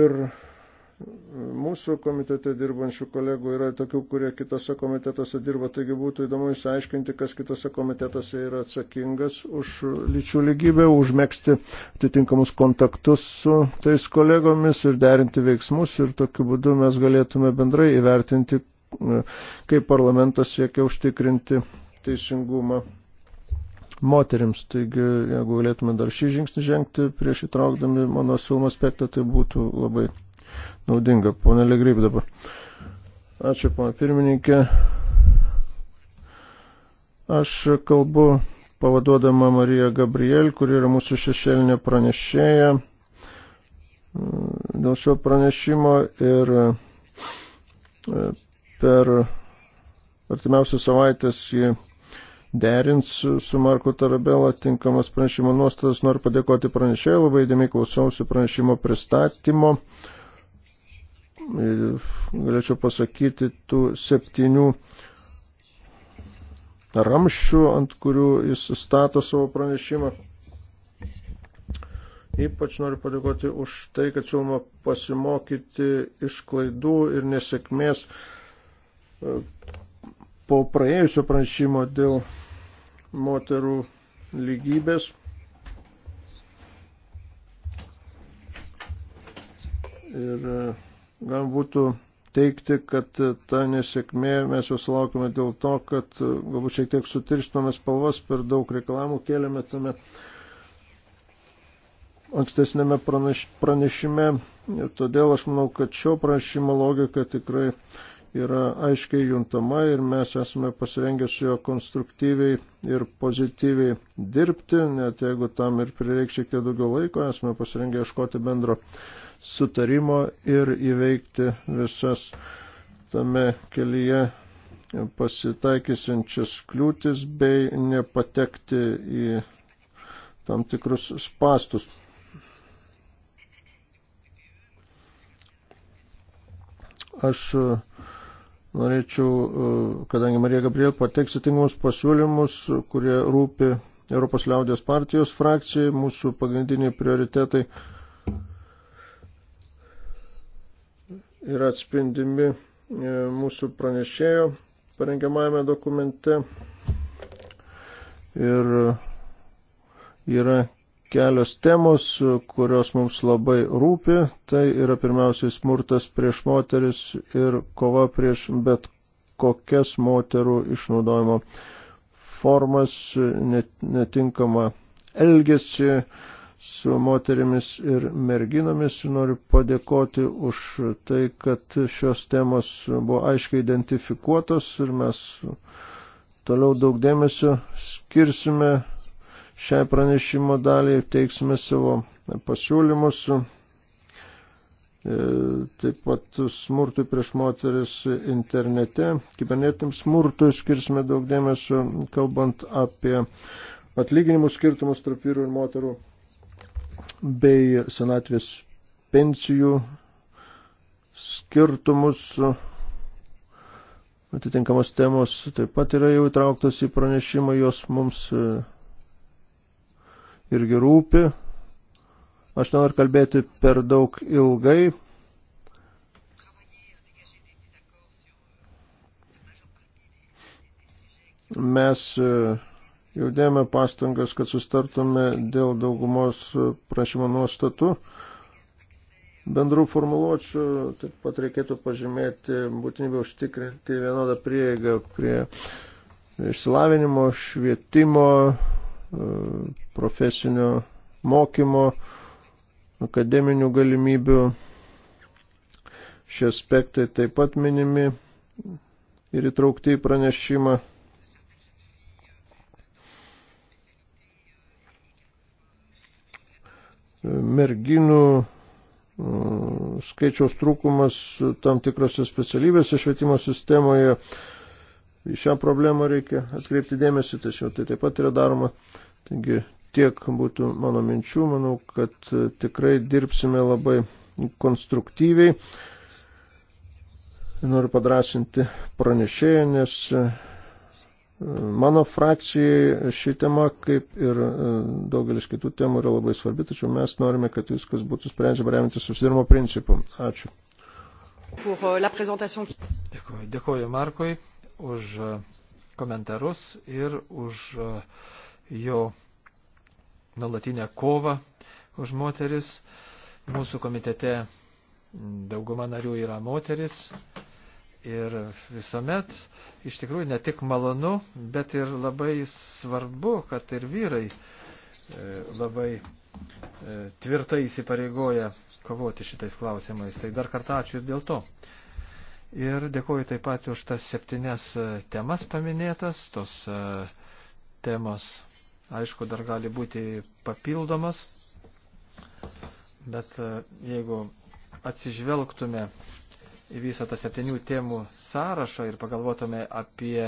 Ir mūsų komitete dirbančių kolegų yra tokių, kurie kitose komitetuose dirba, taigi būtų įdomu išsiaiškinti, kas kitose komitetuose yra atsakingas už lyčių lygybę, užmėgsti atitinkamus kontaktus su tais kolegomis ir derinti veiksmus ir tokiu būdu mes galėtume bendrai įvertinti, kaip parlamentas siekia užtikrinti teisingumą. Moterims, taigi jeigu galėtume dar šį žingsnį žengti prieš įtraukdami mano siūlomą aspektą, tai būtų labai naudinga. Pone Legryp dabar. Ačiū, pana pirmininkė. Aš kalbu pavaduodama Mariją Gabriel, kuri yra mūsų šešėlinė pranešėja mm, dėl šio pranešimo ir e, per artimiausias savaitės jį derins su Marku Tarabela tinkamas pranešimo nuostatas. Noriu padėkoti pranešėjai, labai įdėmiai klausiausi pranešimo pristatymo galėčiau pasakyti, tų septynių ramščių, ant kurių jis stato savo pranešimą. Ypač noriu padėkoti už tai, kad siūloma pasimokyti iš klaidų ir nesėkmės e, po praėjusio pranešimo dėl moterų lygybės. Ir e, Galima būtų teikti, kad ta nesėkmė mes jau sulaukime dėl to, kad galbūt šiek tiek sutirštinome spalvas, per daug reklamų kėlėme tame ankstesnėme pranešime. Ir todėl aš manau, kad šio pranešimo logika tikrai yra aiškiai juntama ir mes esame pasirengę su juo konstruktyviai ir pozityviai dirbti, net jeigu tam ir prireiks šiek tiek daugiau laiko, esame pasirengę ieškoti bendro sutarimo ir įveikti visas tame kelyje pasitaikysiančias kliūtis bei nepatekti į tam tikrus spastus. Aš e, norėčiau, e, kadangi Marija Gabriel pateiks atitinkamus pasiūlymus, kurie rūpi Europos liaudės partijos frakcijai, mūsų pagrindiniai prioritetai yra atspindimi e, mūsų pranešėjo parengiamajame dokumente. Ir yra kelios temos, kurios mums labai rūpi. Tai yra pirmiausiai smurtas prieš moteris ir kova prieš bet kokias moterų išnaudojimo formas, net, netinkama elgesi, su moterimis ir merginomis. Noriu padėkoti už tai, kad šios temos buvo aiškiai identifikuotos ir mes toliau daug dėmesio skirsime šiai pranešimo daliai, teiksime savo pasiūlymus. E, taip pat smurtui prieš moteris internete, kibernetiniam smurtui skirsime daug dėmesio, kalbant apie atlyginimų skirtumus tarp vyrų ir moterų bei senatvės pensijų skirtumus. Atitinkamos temos taip pat yra jau įtrauktos į pranešimą, jos mums e, irgi rūpi. Aš nenoriu kalbėti per daug ilgai. Mes e, jau dėmė pastangas, kad sustartume dėl daugumos prašymo nuostatų. Bendrų formuluočių taip pat reikėtų pažymėti būtinybę užtikrinti vienodą prieigą prie išsilavinimo, švietimo, profesinio mokymo, akademinių galimybių. Šie aspektai taip pat minimi ir įtraukti į pranešimą. merginų skaičiaus trūkumas tam tikrose specialybėse švietimo sistemoje. Į šią problemą reikia atkreipti dėmesį, tačiau tai taip pat yra daroma. Taigi tiek būtų mano minčių, manau, kad tikrai dirbsime labai konstruktyviai. Noriu padrasinti pranešėją, nes Mano frakcijai ši tema, kaip ir e, daugelis kitų temų, yra labai svarbi, tačiau mes norime, kad viskas būtų sprendžiama remiantis susidarimo principu. Ačiū. Euh, dėkuoju, dėkuoju Markui už e, komentarus ir už e, jo nuolatinę kovą už moteris. Mūsų komitete dauguma narių yra moteris Ir visuomet iš tikrųjų ne tik malonu, bet ir labai svarbu, kad ir vyrai e, labai e, tvirtai įsipareigoja kovoti šitais klausimais. Tai dar kartą ačiū ir dėl to. Ir dėkuoju taip pat už tas septynes e, temas paminėtas. Tos temos, aišku, dar gali būti papildomas. Bet jeigu atsižvelgtume į visą tą septynių temų sąrašą ir pagalvotume apie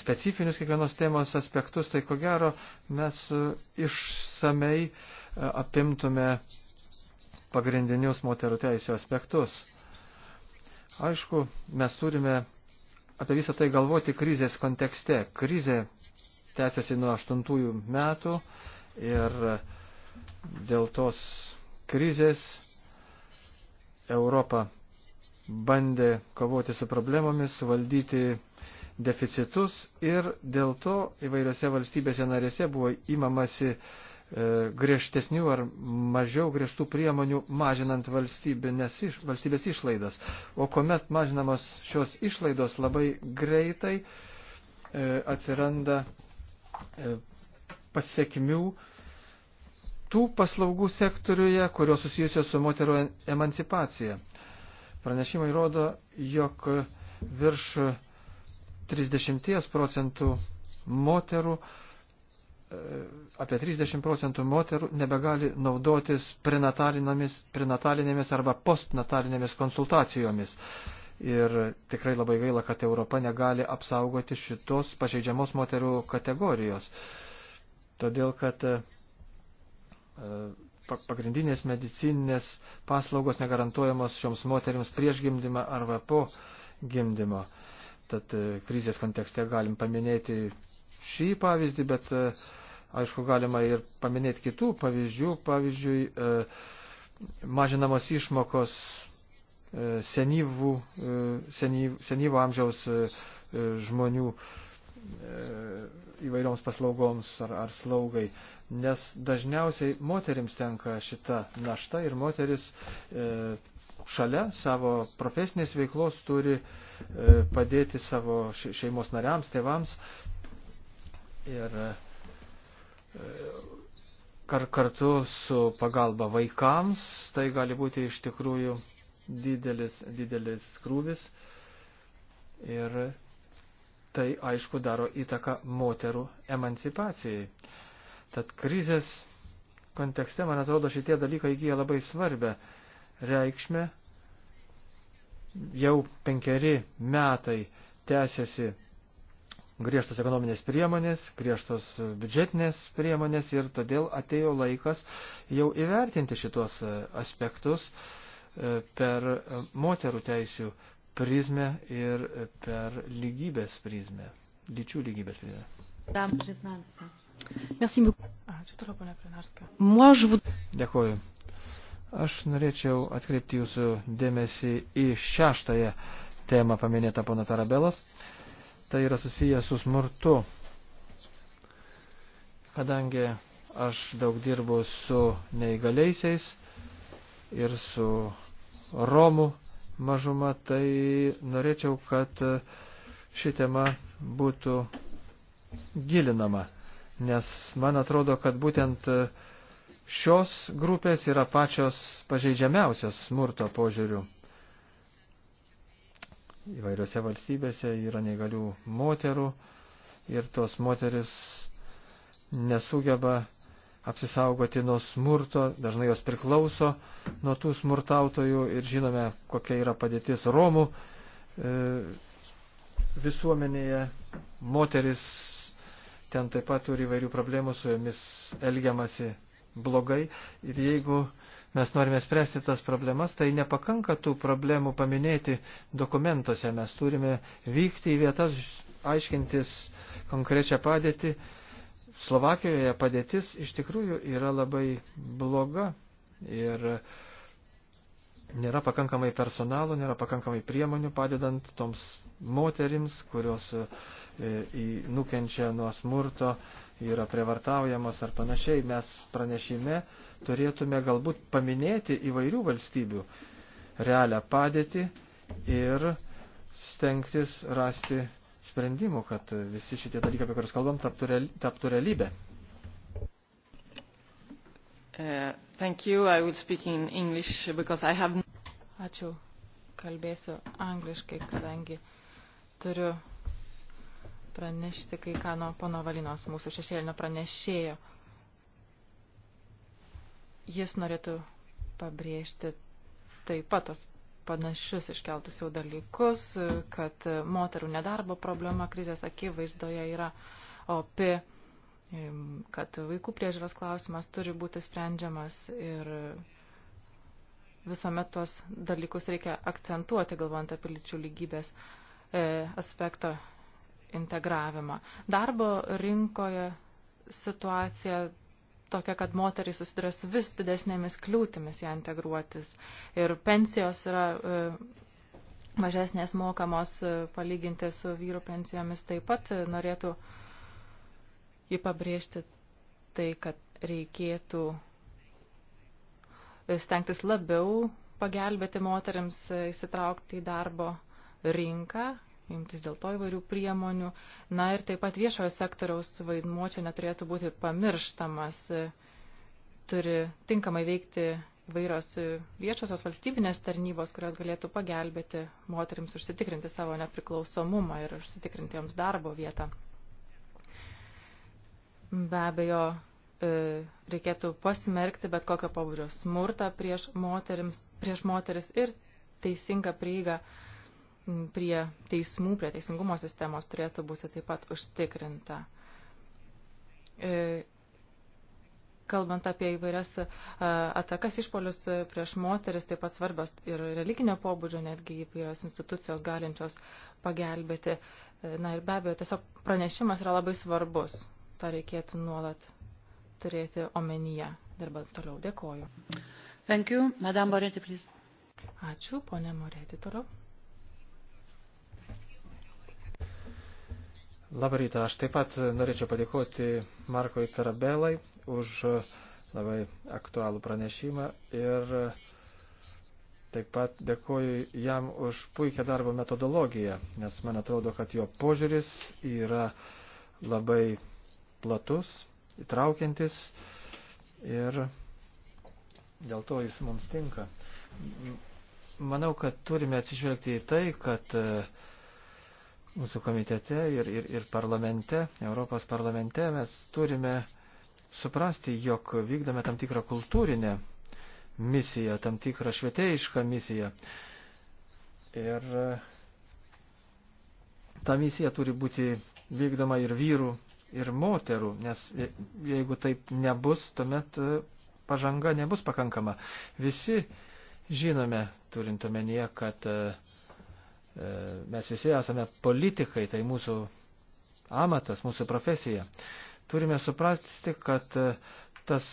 specifinius kiekvienos temos aspektus, tai ko gero mes e, išsamei e, apimtume pagrindinius moterų teisų aspektus. Aišku, mes turime apie visą tai galvoti krizės kontekste. Krizė tęsiasi nuo 8 metų ir dėl tos krizės Europa bandė kovoti su problemomis, suvaldyti deficitus ir dėl to įvairiose valstybėse narėse buvo įmamasi e, griežtesnių ar mažiau griežtų priemonių mažinant iš, valstybės išlaidas. O kuomet mažinamos šios išlaidos labai greitai e, atsiranda e, pasiekmių tų paslaugų sektoriuje, kurios susijusios su moterų emancipacija. Pranešimai rodo, jog virš 30 procentų moterų, e, apie 30 procentų moterų nebegali naudotis prenatalinėmis, prenatalinėmis arba postnatalinėmis konsultacijomis. Ir tikrai labai gaila, kad Europa negali apsaugoti šitos pažeidžiamos moterų kategorijos. Todėl, kad e, pagrindinės medicinės paslaugos negarantuojamos šioms moteriams prieš gimdymą arba po gimdymo. Tad e, krizės kontekste galim paminėti šį pavyzdį, bet e, aišku galima ir paminėti kitų pavyzdžių. Pavyzdžiui, e, mažinamos išmokos senyvų, senyvų, senyvų amžiaus žmonių E, įvairioms paslaugoms ar, ar slaugai, nes dažniausiai moterims tenka šita našta ir moteris e, šalia savo profesinės veiklos turi e, padėti savo šeimos nariams, tėvams ir e, kar, kartu su pagalba vaikams tai gali būti iš tikrųjų didelis, didelis krūvis. Ir tai aišku daro įtaką moterų emancipacijai. Tad krizės kontekste, man atrodo, šitie dalykai įgyja labai svarbę reikšmę. Jau penkeri metai tęsiasi griežtos ekonominės priemonės, griežtos biudžetinės priemonės ir todėl atėjo laikas jau įvertinti šitos aspektus e, per moterų teisių prizmę ir per lygybės prizmę, lyčių lygybės prizmę. Dėkuoju. Aš norėčiau atkreipti jūsų dėmesį į šeštąją temą paminėtą pono Tarabelos. Tai yra susijęs su smurtu. Kadangi aš daug dirbu su neįgaliaisiais ir su Romų mažuma, tai norėčiau, kad ši tema būtų gilinama, nes man atrodo, kad būtent šios grupės yra pačios pažeidžiamiausios smurto požiūrių. Įvairiose valstybėse yra negalių moterų ir tos moteris nesugeba apsisaugoti nuo smurto, dažnai jos priklauso nuo tų smurtautojų ir žinome, kokia yra padėtis Romų e, visuomenėje. Moteris ten taip pat turi įvairių problemų, su jomis elgiamasi blogai ir jeigu mes norime spręsti tas problemas, tai nepakanka tų problemų paminėti dokumentuose. Mes turime vykti į vietas, aiškintis konkrečią padėtį Slovakijoje padėtis iš tikrųjų yra labai bloga ir nėra pakankamai personalo, nėra pakankamai priemonių padedant toms moterims, kurios e, nukenčia nuo smurto, yra prievartaujamos ar panašiai. Mes pranešime turėtume galbūt paminėti įvairių valstybių realią padėtį ir stengtis rasti sprendimų, kad visi šitie dalykai, apie kuriuos kalbam, taptų, real, taptų realybę. Uh, thank you. I will speak in English because I have. Ačiū. Kalbėsiu angliškai, kadangi turiu pranešti kai ką nuo pono Valinos, mūsų šešėlinio pranešėjo. Jis norėtų pabrėžti taip pat tos panašius iškeltus jau dalykus, kad moterų nedarbo problema krizės akivaizdoje yra opi, kad vaikų priežiūros klausimas turi būti sprendžiamas ir visuomet tuos dalykus reikia akcentuoti, galvojant apie lyčių lygybės e, aspekto integravimą. Darbo rinkoje situacija tokia, kad moteriai susiduria su vis didesnėmis kliūtimis ją integruotis. Ir pensijos yra e, mažesnės mokamos e, palyginti su vyrų pensijomis. Taip pat e, norėtų jį pabrėžti tai, kad reikėtų stengtis labiau pagelbėti moteriams įsitraukti į darbo rinką imtis dėl to įvairių priemonių. Na ir taip pat viešojo sektoriaus vaidmuo čia neturėtų būti pamirštamas. Turi tinkamai veikti vairios viešosios valstybinės tarnybos, kurios galėtų pagelbėti moterims užsitikrinti savo nepriklausomumą ir užsitikrinti joms darbo vietą. Be abejo, e, reikėtų pasmerkti bet kokio pabudžio smurtą prieš, moterims, prieš moteris ir teisingą prieigą uh, prie teismų, prie teisingumo sistemos turėtų būti taip pat užtikrinta. E, kalbant apie įvairias e, atakas išpolius e, prieš moteris, taip pat svarbios ir religinio pobūdžio, netgi įvairios institucijos galinčios pagelbėti. Na ir be abejo, tiesiog pranešimas yra labai svarbus. Ta reikėtų nuolat turėti omenyje. Dirbant toliau. Dėkoju. Thank you. Madame Moretti, please. Ačiū, ponė Moretti, toliau. Labą rytą. Aš taip pat norėčiau padėkoti Markui Tarabelai už labai aktualų pranešimą ir taip pat dėkoju jam už puikią darbo metodologiją, nes man atrodo, kad jo požiūris yra labai platus, įtraukiantis ir dėl to jis mums tinka. Manau, kad turime atsižvelgti į tai, kad uh, mūsų komitete ir, ir, ir parlamente, Europos parlamente mes turime suprasti, jog vykdome tam tikrą kultūrinę misiją, tam tikrą švietėjišką misiją. Ir e, ta misija turi būti vykdoma ir vyrų, ir moterų, nes jeigu taip nebus, tuomet e, pažanga nebus pakankama. Visi žinome, turint omenyje, kad uh, E, mes visi esame politikai, tai mūsų amatas, mūsų profesija. Turime suprasti, kad e, tas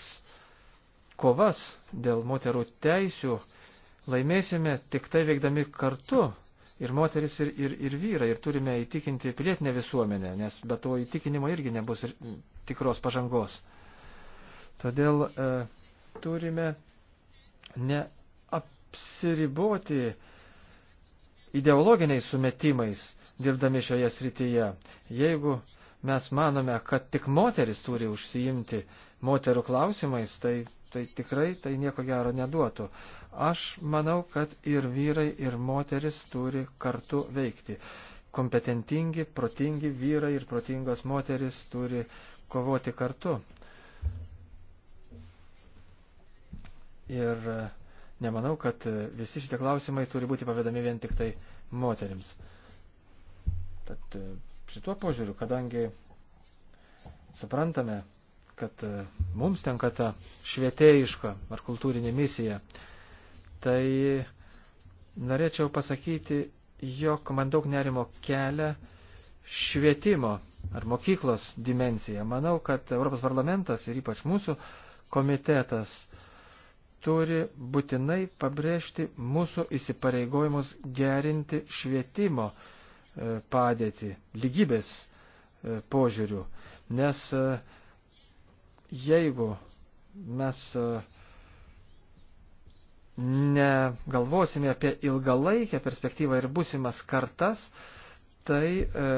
kovas dėl moterų teisių laimėsime tik tai veikdami kartu. Ir moteris, ir, ir, ir vyrai, ir turime įtikinti pilietinę visuomenę, nes be to įtikinimo irgi nebus ir tikros pažangos. Todėl e, turime neapsiriboti e, ideologiniais sumetimais dirbdami šioje srityje. Jeigu mes manome, kad tik moteris turi užsiimti moterų klausimais, tai, tai tikrai tai nieko gero neduotų. Aš manau, kad ir vyrai, ir moteris turi kartu veikti. Kompetentingi, protingi vyrai ir protingos moteris turi kovoti kartu. Ir nemanau, kad e, visi šitie klausimai turi būti pavedami vien tik tai moteriams. Tad e, šituo požiūriu, kadangi suprantame, kad e, mums tenka ta švietėjiška ar kultūrinė misija, tai norėčiau pasakyti, jog man daug nerimo kelia švietimo ar mokyklos dimencija. Manau, kad Europos parlamentas ir ypač mūsų komitetas turi būtinai pabrėžti mūsų įsipareigojimus gerinti švietimo e, padėtį, lygybės e, požiūrių. Nes e, jeigu mes negalvosime apie ilgalaikę perspektyvą ir būsimas kartas, tai e,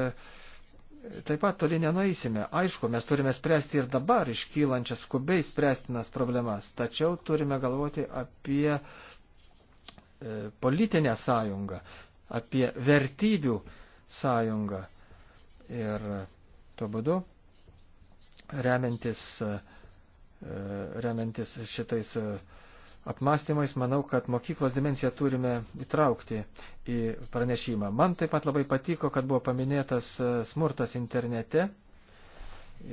taip pat toli nenueisime. Aišku, mes turime spręsti ir dabar iškylančias skubiai spręstinas problemas, tačiau turime galvoti apie e, politinę sąjungą, apie vertybių sąjungą. Ir tuo būdu, remiantis, e, remiantis šitais e, apmąstymais, manau, kad mokyklos dimenciją turime įtraukti į pranešimą. Man taip pat labai patiko, kad buvo paminėtas e, smurtas internete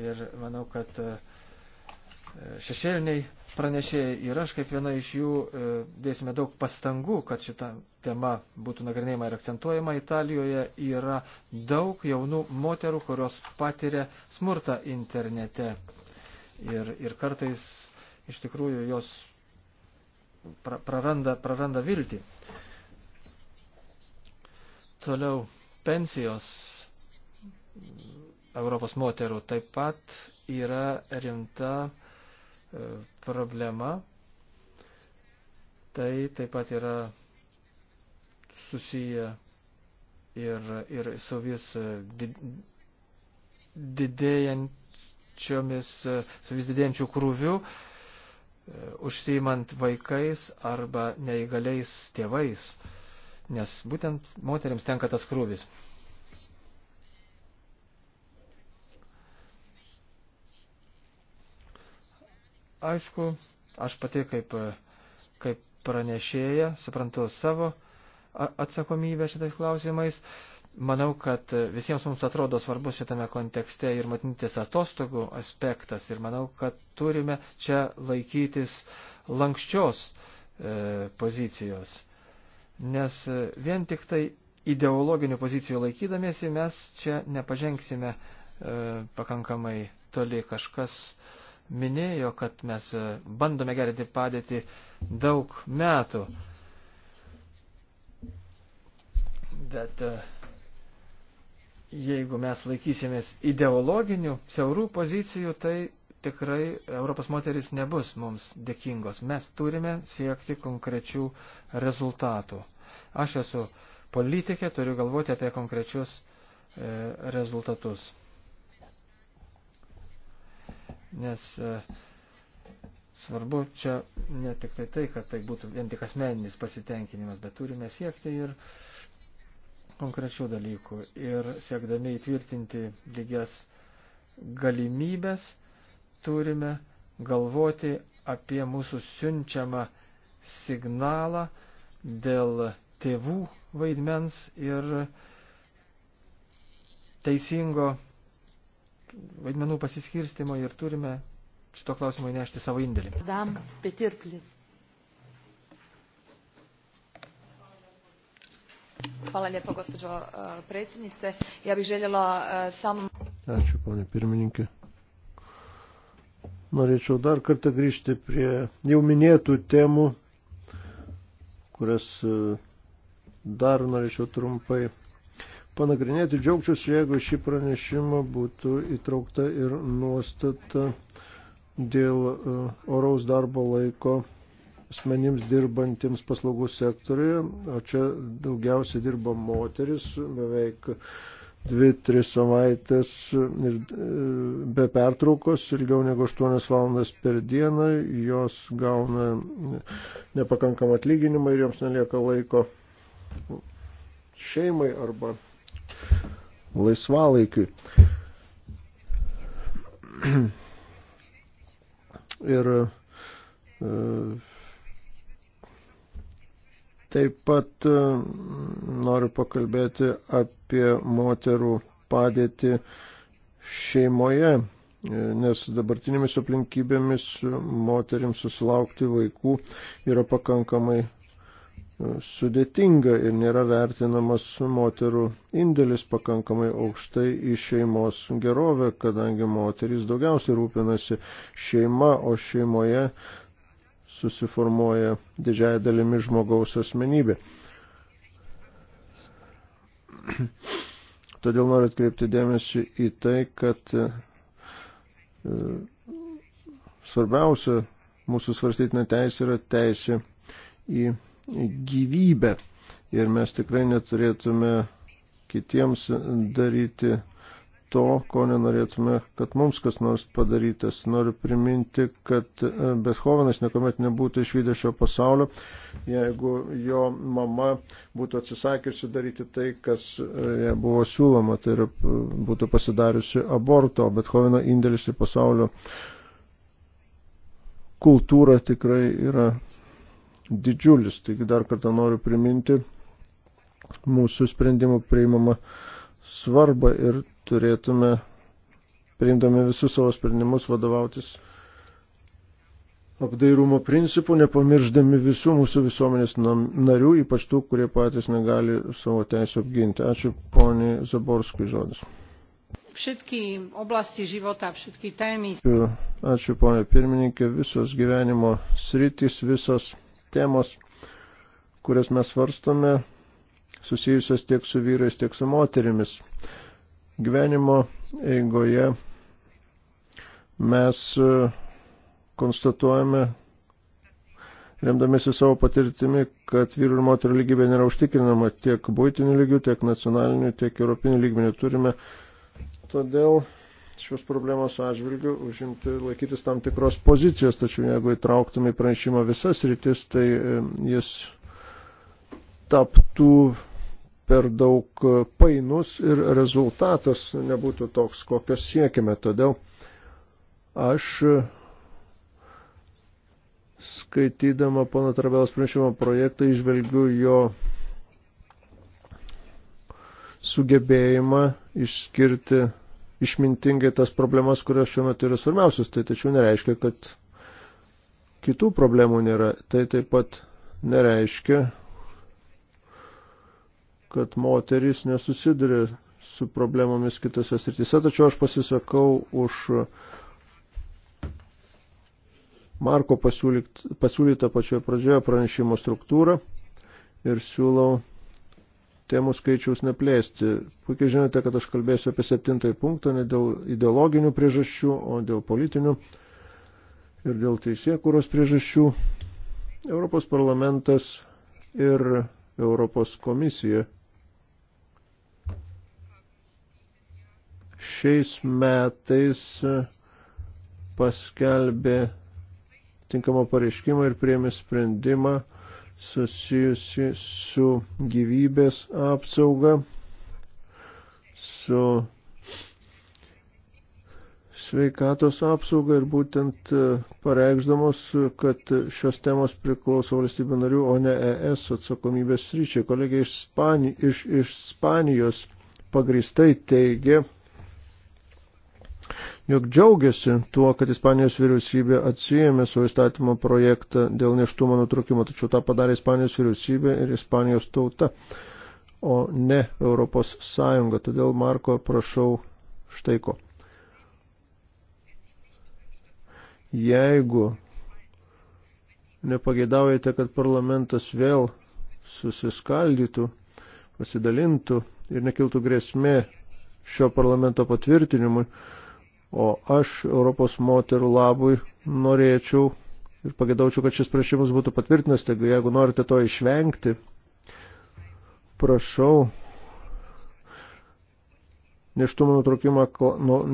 ir manau, kad e, šešėliniai pranešėjai ir aš kaip viena iš jų e, dėsime daug pastangų, kad šita tema būtų nagrinėjama ir akcentuojama. Italijoje yra daug jaunų moterų, kurios patiria smurtą internete. Ir, ir kartais iš tikrųjų jos pra, praranda, praranda viltį. Toliau pensijos Europos moterų taip pat yra rimta e, problema. Tai taip pat yra susiję ir, ir su vis e, didėjančiomis, e, su vis didėjančiu krūviu užsiimant vaikais arba neįgaliais tėvais, nes būtent moteriams tenka tas krūvis. Aišku, aš pati kaip, kaip pranešėja suprantu savo atsakomybę šitais klausimais, Manau, kad visiems mums atrodo svarbus šitame kontekste ir motintis atostogų aspektas ir manau, kad turime čia laikytis lankščios e, pozicijos, nes e, vien tik tai ideologinių pozicijų laikydamiesi mes čia nepažengsime e, pakankamai toli. Kažkas minėjo, kad mes e, bandome gerinti padėtį daug metų. Bet. E, jeigu mes laikysimės ideologinių, siaurų pozicijų, tai tikrai Europos moteris nebus mums dėkingos. Mes turime siekti konkrečių rezultatų. Aš esu politikė, turiu galvoti apie konkrečius e, rezultatus. Nes e, svarbu čia ne tik tai tai, kad tai būtų vien tik asmeninis pasitenkinimas, bet turime siekti ir e, konkrečių dalykų ir siekdami įtvirtinti lygias galimybės turime galvoti apie mūsų siunčiamą signalą dėl tėvų vaidmens ir teisingo vaidmenų pasiskirstimo ir turime šito klausimo įnešti savo indėlį. Dam Petirplis. gospođo e, predsjednice ja bih željela e, samo ačiū pone pirmininke norėčiau dar kartą grįžti prie jau minėtų temų kurias e, dar norėčiau trumpai panagrinėti džiaugčiausi jeigu šį pranešimą būtų įtraukta ir nuostata dėl oraus darbo laiko asmenims dirbantiems paslaugų sektoriuje, o čia daugiausiai dirba moteris, beveik dvi, tris savaitės ir e, be pertraukos, ilgiau negu 8 valandas per dieną, jos gauna nepakankamą atlyginimą ir joms nelieka laiko šeimai arba laisvalaikiui. Ir e, Taip pat e, noriu pakalbėti apie moterų padėtį šeimoje, e, nes dabartinėmis aplinkybėmis moteriams susilaukti vaikų yra pakankamai e, sudėtinga ir nėra vertinamas moterų indėlis pakankamai aukštai į šeimos gerovę, kadangi moterys daugiausiai rūpinasi šeima, o šeimoje susiformuoja didžiaja dalimi žmogaus asmenybė. Todėl noriu atkreipti dėmesį į tai, kad e, svarbiausia mūsų svarstytinė teisė yra teisė į gyvybę. Ir mes tikrai neturėtume kitiems daryti to, ko nenorėtume, kad mums kas nors padarytas. Noriu priminti, kad e, Bethovenas niekuomet nebūtų išvydęs šio pasaulio, jeigu jo mama būtų atsisakiusi daryti tai, kas e, jai buvo siūloma, tai yra e, būtų pasidariusi aborto. Bethoveno indėlis į pasaulio kultūrą tikrai yra didžiulis. Taigi dar kartą noriu priminti mūsų sprendimų priimamą svarbą ir turėtume, priimdami visus savo sprendimus, vadovautis apdairumo principų, nepamirždami visų mūsų visuomenės narių, ypač tų, kurie patys negali savo teisų apginti. Ačiū poniai Zaborskui žodis. Všetky oblasti života, všetky témy. Ačiū, ačiū ponia pirmininkė, visos gyvenimo sritis, visos temos, kurias mes svarstome, susijusios tiek su vyrais, tiek su moterimis. Gyvenimo eigoje mes e, konstatuojame, remdamėsi savo patirtimi, kad vyrų ir moterų lygybė nėra užtikrinama tiek būtinių lygių, tiek nacionalinių, tiek europinių lygmenių turime. Todėl šios problemos atžvilgių užimti, laikytis tam tikros pozicijos, tačiau jeigu įtrauktume į pranešimą visas rytis, tai e, jis taptų per daug e, painus ir rezultatas nebūtų toks, kokio siekime. Todėl aš e, skaitydama pono Trabelos pranešimo projektą išvelgiu jo sugebėjimą išskirti išmintingai tas problemas, kurios šiuo metu yra svarbiausios. Tai tačiau nereiškia, kad kitų problemų nėra. Tai taip pat nereiškia, kad moteris nesusiduria su problemomis kitose srityse, tačiau aš pasisakau už Marko pasiūlytą pačioje pradžioje pranešimo struktūrą ir siūlau temų skaičiaus neplėsti. Puikiai žinote, kad aš kalbėsiu apie septintąjį punktą ne dėl ideologinių priežasčių, o dėl politinių ir dėl teisėkūros priežasčių. Europos parlamentas ir Europos komisija šiais metais paskelbė tinkamą pareiškimą ir priėmė sprendimą susijusi su gyvybės apsauga, su sveikatos apsaugą ir būtent e, pareikšdamos, kad šios temos priklauso valstybių narių, o ne ES atsakomybės ryčiai. Kolegė iš, Spani, iš, iš Spanijos pagristai teigia, jog džiaugiasi tuo, kad Ispanijos vyriausybė atsijėmė savo įstatymo projektą dėl neštumo nutrukimo, tačiau tą padarė Ispanijos vyriausybė ir Ispanijos tauta, o ne Europos Sąjunga. Todėl, Marko, prašau štai ko. Jeigu nepageidaujate, kad parlamentas vėl susiskaldytų, pasidalintų ir nekiltų grėsmė šio parlamento patvirtinimui, O aš Europos moterų labui norėčiau ir pagėdaučiau, kad šis prašymas būtų patvirtinas, taigi jeigu norite to išvengti, prašau neštumo nutraukimo,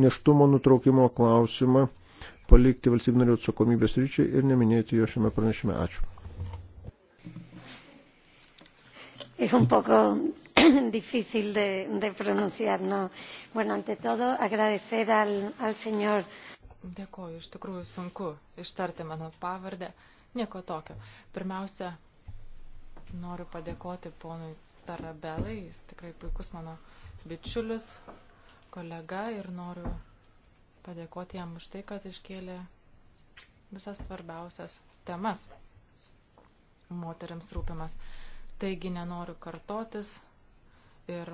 neštumo nu, nutraukimo klausimą palikti valstybinarių atsakomybės ryčiai ir neminėti jo šiame pranešime. Ačiū. Es un poco difícil de, de pronunciar. No. Bueno, ante todo, agradecer al, al señor. Dėkoju, iš tikrųjų sunku ištarti mano pavardę. Nieko tokio. Pirmiausia, noriu padėkoti ponui Tarabelai, jis tikrai puikus mano bičiulis, kolega ir noriu padėkoti jam už tai, kad iškėlė visas svarbiausias temas moteriams rūpimas. Taigi nenoriu kartotis, ir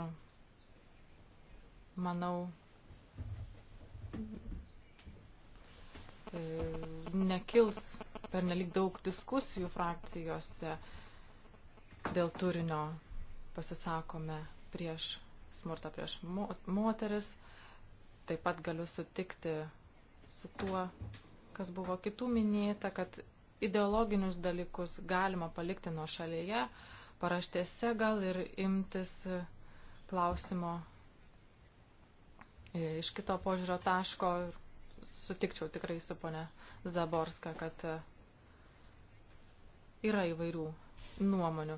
manau e, nekils per nelik daug diskusijų frakcijose dėl turinio pasisakome prieš smurtą prieš moteris. Taip pat galiu sutikti su tuo, kas buvo kitų minėta, kad ideologinius dalykus galima palikti nuo šalyje, paraštėse gal ir imtis klausimo e, iš kito požiūrio taško ir sutikčiau tikrai su ponė Zaborska, kad e, yra įvairių nuomonių.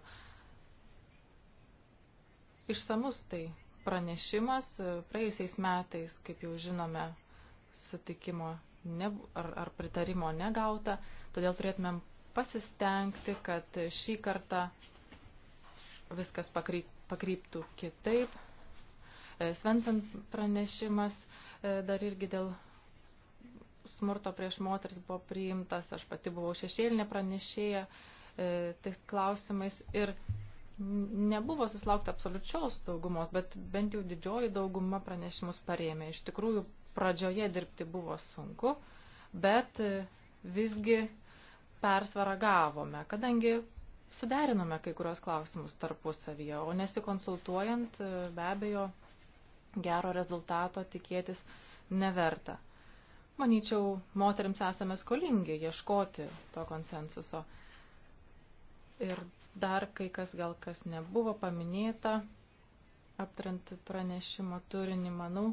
Išsamus tai pranešimas e, praėjusiais metais, kaip jau žinome, sutikimo ne, ar, ar pritarimo negauta, todėl turėtumėm pasistengti, kad šį kartą viskas pakryp, pakryptų kitaip. E, Svensson pranešimas e, dar irgi dėl smurto prieš moteris buvo priimtas, aš pati buvau šešėlinė pranešėja e, tais klausimais ir nebuvo susilaukta absoliučios daugumos, bet bent jau didžioji dauguma pranešimus parėmė. Iš tikrųjų, pradžioje dirbti buvo sunku, bet visgi persvarą gavome, kadangi suderinome kai kurios klausimus tarpusavyje, o nesikonsultuojant e, be abejo gero rezultato tikėtis neverta. Manyčiau, moteriams esame skolingi ieškoti to konsensuso. Ir dar kai kas gal kas nebuvo paminėta, aptrant pranešimo turinį, manau,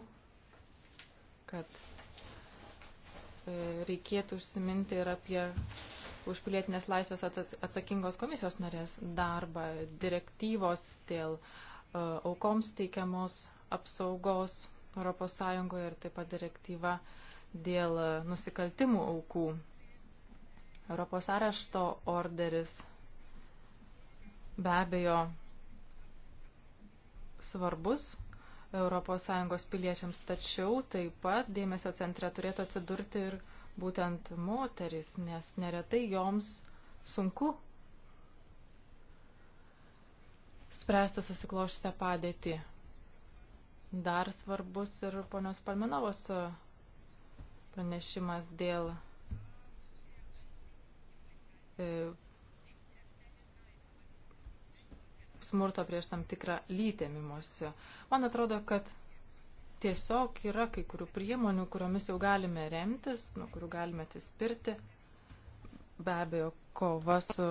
kad e, reikėtų užsiminti ir apie už pilietinės laisvės atsakingos komisijos narės darbą, direktyvos dėl e, aukoms teikiamos apsaugos ES ir taip pat direktyva dėl e, nusikaltimų aukų. Europos arešto orderis be abejo svarbus ES piliečiams, tačiau taip pat dėmesio centre turėtų atsidurti ir būtent moteris, nes neretai joms sunku spręsti susiklošusią padėtį. Dar svarbus ir ponios Palmenovos pranešimas dėl e, smurto prieš tam tikrą lytėmimosi. Man atrodo, kad tiesiog yra kai kurių priemonių, kuriomis jau galime remtis, nuo kurių galime atsispirti. Be abejo, kova su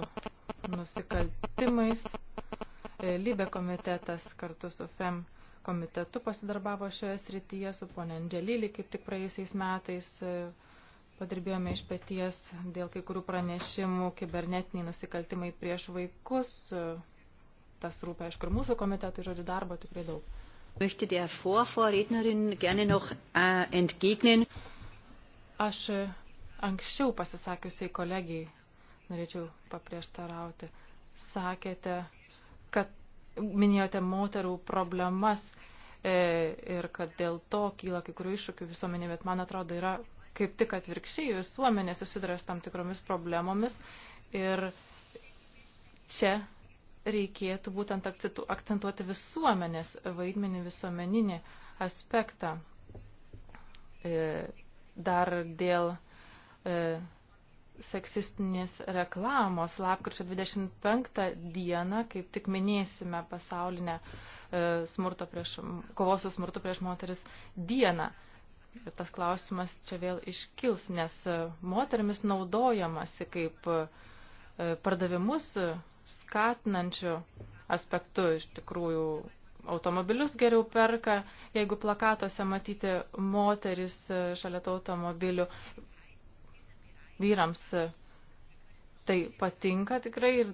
nusikaltimais. E, Lybė komitetas kartu su FEM komitetu pasidarbavo šioje srityje, su ponė Andželylį kaip tik praėjusiais metais e, padirbėjome iš pėties dėl kai kurių pranešimų, kibernetiniai nusikaltimai prieš vaikus. E, tas rūpia, aišku, ir mūsų komitetui, žodžiu, darbo tikrai daug. Möchte der Vorvorrednerin gerne noch äh, entgegnen. Aš e, anksčiau pasisakiusiai kolegijai norėčiau paprieštarauti. Sakėte, kad minėjote moterų problemas e, ir kad dėl to kyla kai kurių iššūkių visuomenė, bet man atrodo yra kaip tik atvirkščiai visuomenė susiduria su tam tikromis problemomis ir čia reikėtų būtent akcentuoti visuomenės vaidmenį, visuomeninį aspektą. E, dar dėl e, seksistinės reklamos. Lapkričio 25 dieną, kaip tik minėsime pasaulinę e, smurto prieš, kovos su smurtu prieš moteris dieną. Ir tas klausimas čia vėl iškils, nes moterimis naudojamasi kaip pardavimus skatinančiu aspektu iš tikrųjų automobilius geriau perka, jeigu plakatuose matyti moteris e, šalia to automobilių. Vyrams e, tai patinka tikrai ir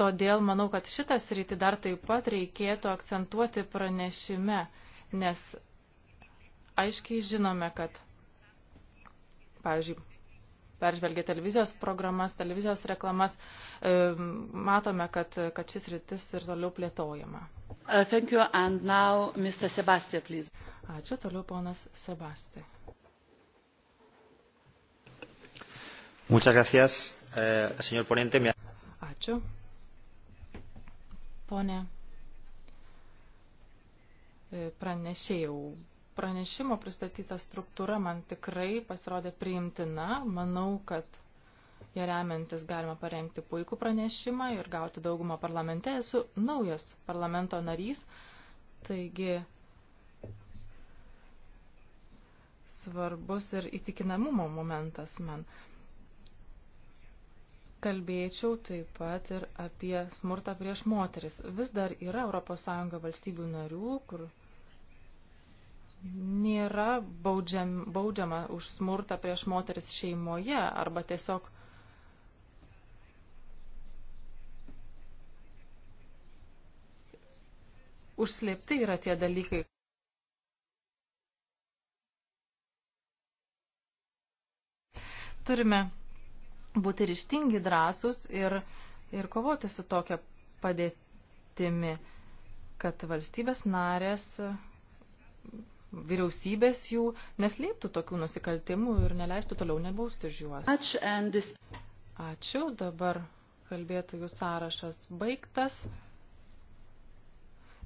todėl manau, kad šitą sritį dar taip pat reikėtų akcentuoti pranešime, nes aiškiai žinome, kad, pavyzdžiui, peržvelgia televizijos programas, televizijos reklamas, e, matome, kad, kad šis rytis ir toliau plėtojama. Uh, thank you and now Mr. Sebastija, please. Ačiū, toliau ponas Sebastija. Muchas gracias, eh, señor ponente. Me... Ačiū. Pone e, pranešėjau pranešimo pristatyta struktūra man tikrai pasirodė priimtina. Manau, kad ją remiantis galima parengti puikų pranešimą ir gauti daugumą parlamente. Esu naujas parlamento narys, taigi svarbus ir įtikinamumo momentas man. Kalbėčiau taip pat ir apie smurtą prieš moteris. Vis dar yra ES valstybių narių, kur nėra baudžiam, baudžiama už smurtą prieš moteris šeimoje arba tiesiog užslėpti yra tie dalykai. Turime būti ryštingi, drąsus ir, ir kovoti su tokia padėtimi, kad valstybės narės vyriausybės jų neslėptų tokių nusikaltimų ir neleistų toliau nebausti už juos. Um, Ačiū, dabar kalbėtojų sąrašas baigtas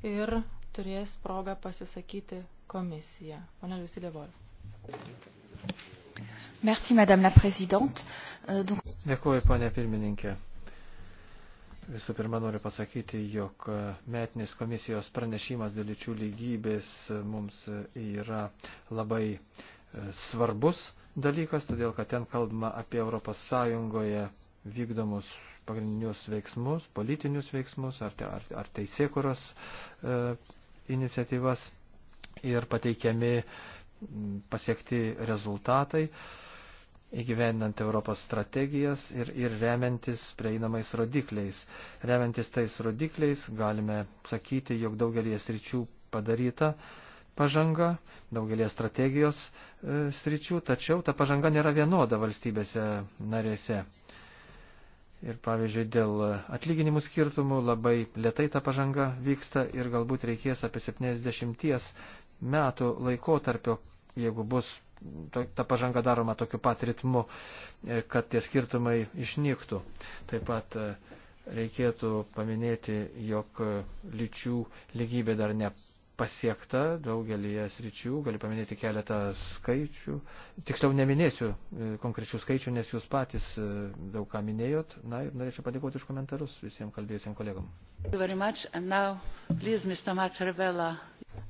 ir turės progą pasisakyti komisija. Pone Liusilė Vol. Merci, Madame la Présidente. Euh, Dėkuoju, ponė pirmininkė. Visų pirma, noriu pasakyti, jog metinis komisijos pranešimas dėl lyčių lygybės mums yra labai e, svarbus dalykas, todėl kad ten kalbama apie ES vykdomus pagrindinius veiksmus, politinius veiksmus ar, te, ar, ar teisėkuros e, iniciatyvas ir pateikiami pasiekti rezultatai. E, įgyvendinant Europos strategijas ir, ir remiantis prieinamais rodikliais. Remiantis tais rodikliais galime sakyti, jog daugelie sričių padaryta pažanga, daugelie strategijos e, sričių, tačiau ta pažanga nėra vienoda valstybėse narėse. Ir pavyzdžiui, dėl atlyginimų skirtumų labai lietai ta pažanga vyksta ir galbūt reikės apie 70 metų laikotarpio, jeigu bus ta pažanga daroma tokiu pat ritmu, e, kad tie skirtumai išnyktų. Taip pat e, reikėtų paminėti, jog e, lyčių lygybė dar nepasiekta daugelį sričių. Galiu paminėti keletą skaičių. Tiksliau neminėsiu konkrečių skaičių, nes jūs patys daug ką minėjot. Na ir norėčiau padėkoti už komentarus visiems kalbėjusiems kolegom. Now, please,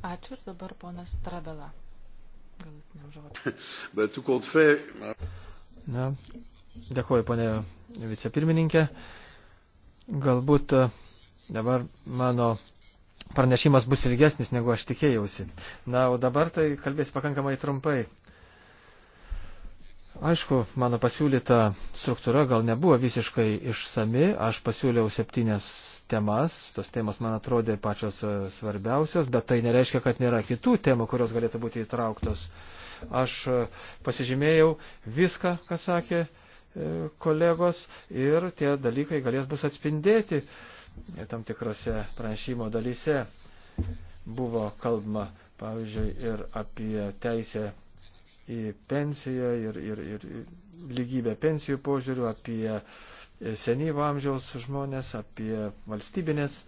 Ačiū ir dabar ponas Trabela galutiniam žodžiui. Bet tu kol fe. Na, dėkuoju, ponė vicepirmininkė. Galbūt e, dabar mano pranešimas bus ilgesnis, negu aš tikėjausi. Na, o dabar tai kalbėsiu pakankamai trumpai. Aišku, mano pasiūlyta struktūra gal nebuvo visiškai išsami, aš pasiūliau septynias temas. Tos temos man atrodė pačios e, svarbiausios, bet tai nereiškia, kad nėra kitų temų, kurios galėtų būti įtrauktos. Aš e, pasižymėjau viską, ką sakė e, kolegos ir tie dalykai galės bus atspindėti tam tikrose pranešimo dalyse. Buvo kalbama, pavyzdžiui, ir apie teisę į pensiją ir, ir, ir lygybę pensijų požiūrių, apie uh, senyvo amžiaus žmonės, apie valstybinės e,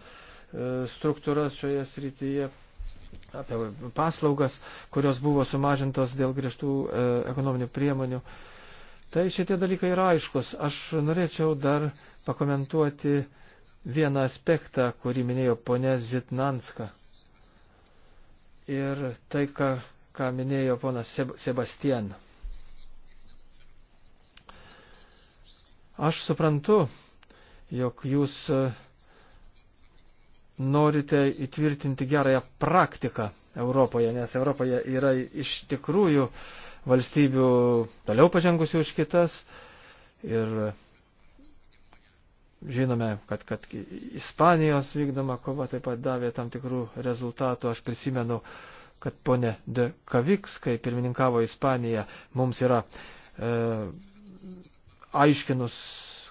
struktūras šioje srityje, apie paslaugas, kurios buvo sumažintos dėl griežtų e, ekonominių priemonių. Tai šitie dalykai yra aiškus. Aš norėčiau dar pakomentuoti vieną aspektą, kurį minėjo ponė Zitnanska. Ir tai, ką, ką minėjo ponas Sebastian. Aš suprantu, jog jūs e, norite įtvirtinti gerąją praktiką Europoje, nes Europoje yra iš tikrųjų valstybių toliau pažengusių už kitas ir e, žinome, kad, kad Ispanijos vykdoma kova taip pat davė tam tikrų rezultatų. Aš prisimenu, kad ponė De Kaviks, kai pirmininkavo Ispanija, mums yra e, aiškinus,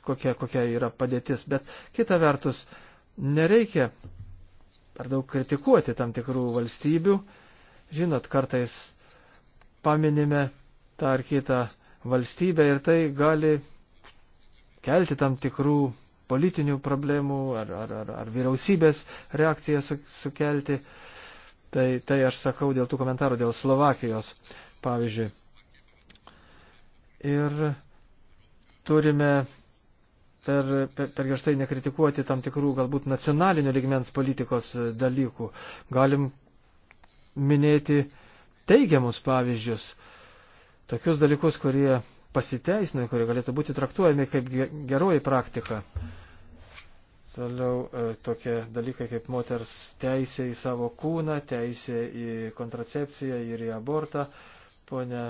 kokia, kokia yra padėtis. Bet kita vertus, nereikia per daug kritikuoti tam tikrų valstybių. Žinot, kartais paminime tą ar kitą valstybę ir tai gali kelti tam tikrų politinių problemų ar, ar, ar, ar vyriausybės reakciją su, sukelti. Tai, tai aš sakau dėl tų komentarų, dėl Slovakijos, pavyzdžiui. Ir turime per, per, per griežtai nekritikuoti tam tikrų galbūt nacionalinio ligmens politikos e, dalykų. Galim minėti teigiamus pavyzdžius, tokius dalykus, kurie pasiteisino, kurie galėtų būti traktuojami kaip geroji praktika. Toliau e, tokie dalykai kaip moters teisė į savo kūną, teisė į kontracepciją ir į abortą. Pone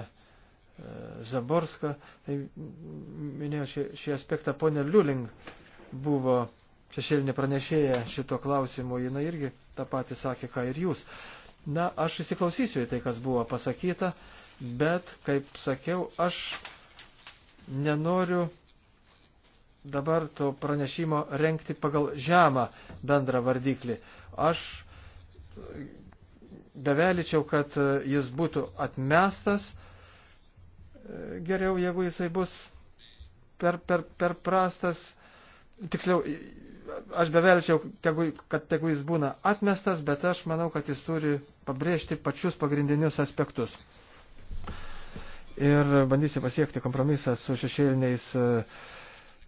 Zaborską, tai minėjau šį, šį aspektą, ponė Liuling buvo šešėlinė pranešėja šito klausimu, jinai irgi tą patį sakė, ką ir jūs. Na, aš įsiklausysiu į tai, kas buvo pasakyta, bet, kaip sakiau, aš nenoriu dabar to pranešimo renkti pagal žemą bendrą vardiklį. Aš beveličiau, kad jis būtų atmestas, geriau, jeigu jisai bus per, per, per prastas, tiksliau, aš bevelčiau, tegu, kad tegu jis būna atmestas, bet aš manau, kad jis turi pabrėžti pačius pagrindinius aspektus. Ir bandysiu pasiekti kompromisą su šešėliniais e,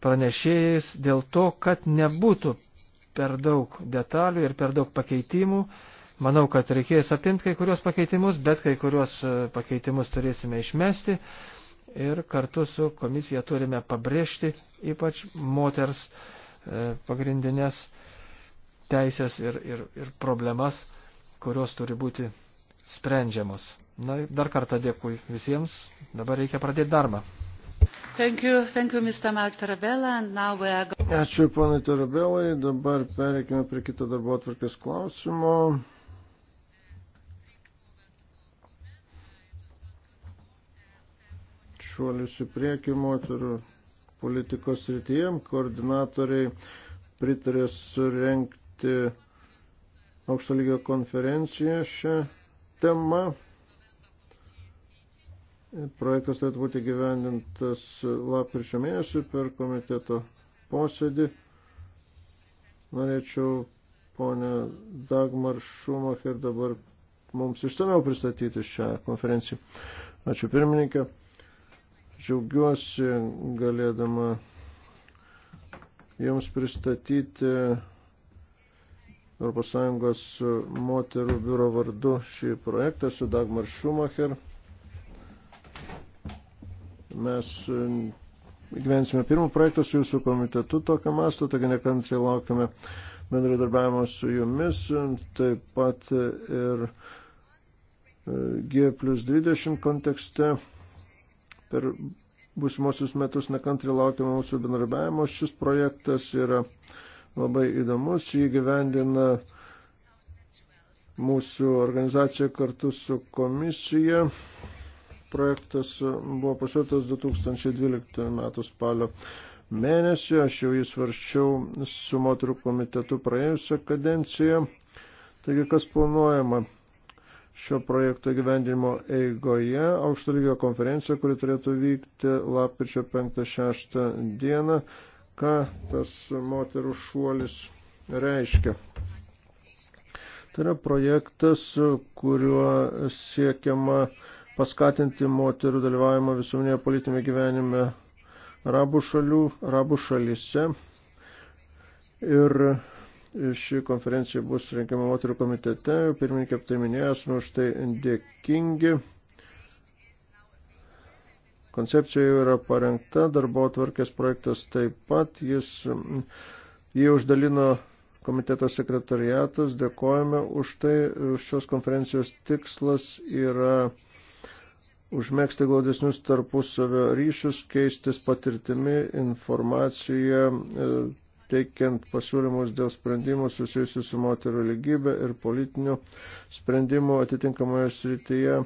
pranešėjais dėl to, kad nebūtų per daug detalių ir per daug pakeitimų, Manau, kad reikės apimti kai kurios pakeitimus, bet kai kurios e, pakeitimus turėsime išmesti ir kartu su komisija turime pabrėžti ypač moters e, pagrindinės teisės ir, ir, ir problemas, kurios turi būti sprendžiamos. Na, dar kartą dėkui visiems. Dabar reikia pradėti darbą. Thank you, thank you, Mr. Mark Tarabella. Now we are... Ačiū, ponai Tarabelai. Dabar pereikime prie kito darbo atvarkės klausimo. šuolis į priekį moterų politikos srityje. Koordinatoriai pritarė surenkti aukšto lygio konferenciją šią temą. Projektas turėtų būti gyvendintas lapkričio mėnesį per komiteto posėdį. Norėčiau ponę Dagmar Šumacher dabar mums ištamiau pristatyti šią konferenciją. Ačiū pirmininkė. Džiaugiuosi galėdama jums pristatyti ES moterų biuro vardu šį projektą su Dagmar Schumacher. Mes e, gyvensime pirmą projektą su jūsų komitetu tokio masto, taigi nekantriai laukime bendradarbiavimo su jumis, taip pat ir e, G plus 20 kontekste. Per būsimosius metus nekantri laukiama mūsų bendrabiavimo. Šis projektas yra labai įdomus. Jį gyvendina mūsų organizacija kartu su komisija. Projektas buvo pasiūlytas 2012 m. spalio mėnesį. Aš jau jį svarščiau su moterų komitetu praėjusią kadenciją. Taigi, kas planuojama? šio projekto gyvendinimo eigoje aukšto lygio konferencija, kuri turėtų vykti lapkričio 5-6 dieną, ką tas moterų šuolis reiškia. Tai yra projektas, kuriuo siekiama paskatinti moterų dalyvavimą visuomenėje politinėme gyvenime arabų šalių, arabų šalyse. Ir Ši konferencija bus renkiama moterų komitete. Pirmininkė tai minėjęs, nu už tai dėkingi. Koncepcija jau yra parengta, darbo atvarkės projektas taip pat. Jis, jį uždalino komiteto sekretariatas, dėkojame už tai. Šios konferencijos tikslas yra užmėgsti glaudesnius tarpusavio ryšius, keistis patirtimi, informaciją teikiant pasiūlymus dėl sprendimų susijusių su moterų lygybė ir politinių sprendimų atitinkamoje srityje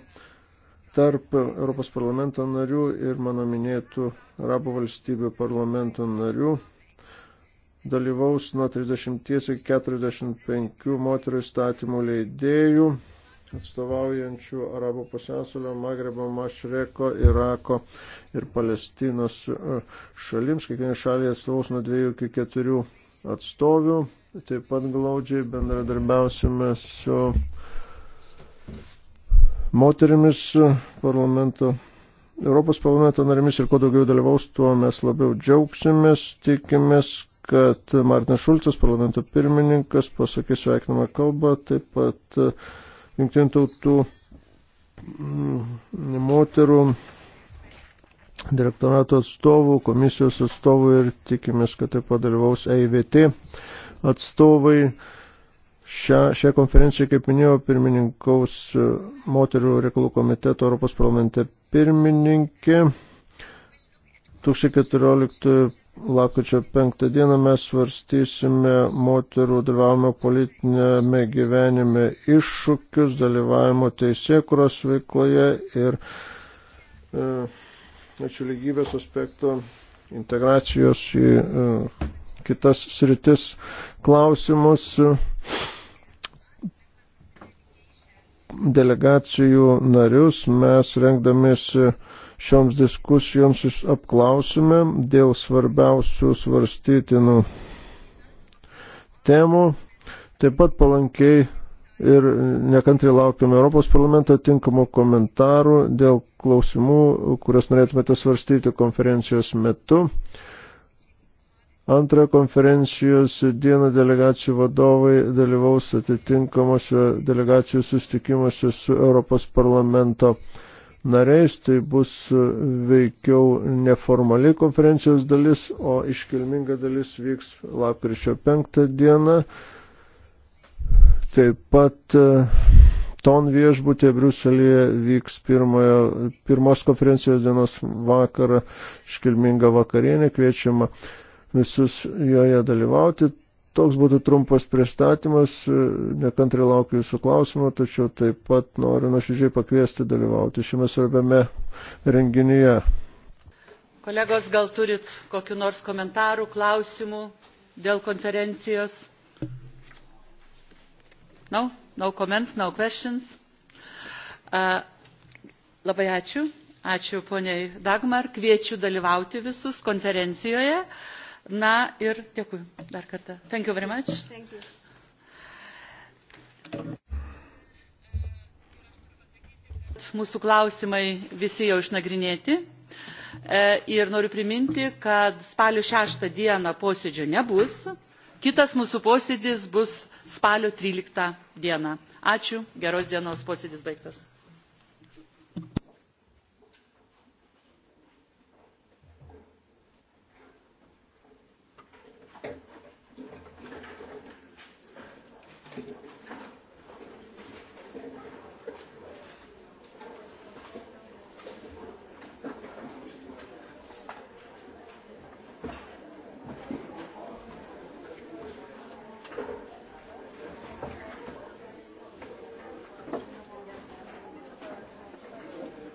tarp Europos parlamento narių ir mano minėtų arabų valstybių parlamento narių. Dalyvaus nuo 30 iki 45 moterų įstatymų leidėjų atstovaujančių Arabų pusiasalio, Magrebo, Mašreko, Irako ir Palestinos e, šalims. Kiekvienai šaliai atstovaus nuo dviejų iki keturių atstovių. Taip pat glaudžiai bendradarbiausime su moterimis e, parlamento Europos parlamento narimis ir kuo daugiau dalyvaus, tuo mes labiau džiaugsimės, tikimės, kad Martinas Šulcas, parlamento pirmininkas, pasakys sveikinamą kalbą, taip pat e, jungtinių tautų mm, moterų direktorato atstovų, komisijos atstovų ir tikimės, kad taip padalyvaus EIVT atstovai. Šią, šią konferenciją, kaip minėjau, pirmininkaus moterų reikalų komiteto Europos parlamente pirmininkė. 2014 Lakučio penktą dieną mes svarstysime moterų dalyvavimo politinėme gyvenime iššūkius, dalyvavimo teisėkuros veikloje ir e, ačiū lygybės aspekto integracijos į e, kitas sritis klausimus. Delegacijų narius mes rengdamėsi e, šioms diskusijoms apklausime dėl svarbiausių svarstytinų temų. Taip pat palankiai ir nekantriai laukiame Europos parlamento tinkamų komentarų dėl klausimų, kurias norėtumėte svarstyti konferencijos metu. Antrą konferencijos dieną delegacijų vadovai dalyvaus atitinkamuose delegacijų sustikimuose su Europos parlamento parlamento nariais, tai bus veikiau neformali konferencijos dalis, o iškilminga dalis vyks lapkričio penktą dieną. Taip pat e, Ton viešbutė Bruselėje vyks pirmojo, pirmos konferencijos dienos vakarą iškilminga vakarienė, kviečiama visus joje dalyvauti. Toks būtų trumpas pristatymas, nekantrai laukiu jūsų klausimų, tačiau taip pat noriu nuoširdžiai pakviesti dalyvauti šiame svarbiame renginyje. Kolegos, gal turit kokiu nors komentarų, klausimų dėl konferencijos? No? No comments, no questions. Uh, labai ačiū. Ačiū poniai Dagmar. Kviečiu dalyvauti visus konferencijoje. Uh, Na ir dėkui dar kartą. Thank you very much. Thank you. Mūsų klausimai visi jau išnagrinėti. E, ir noriu priminti, kad spalio 6 dieną posėdžio nebus. Kitas mūsų posėdis bus spalio 13 dieną. Ačiū, geros dienos posėdis baigtas.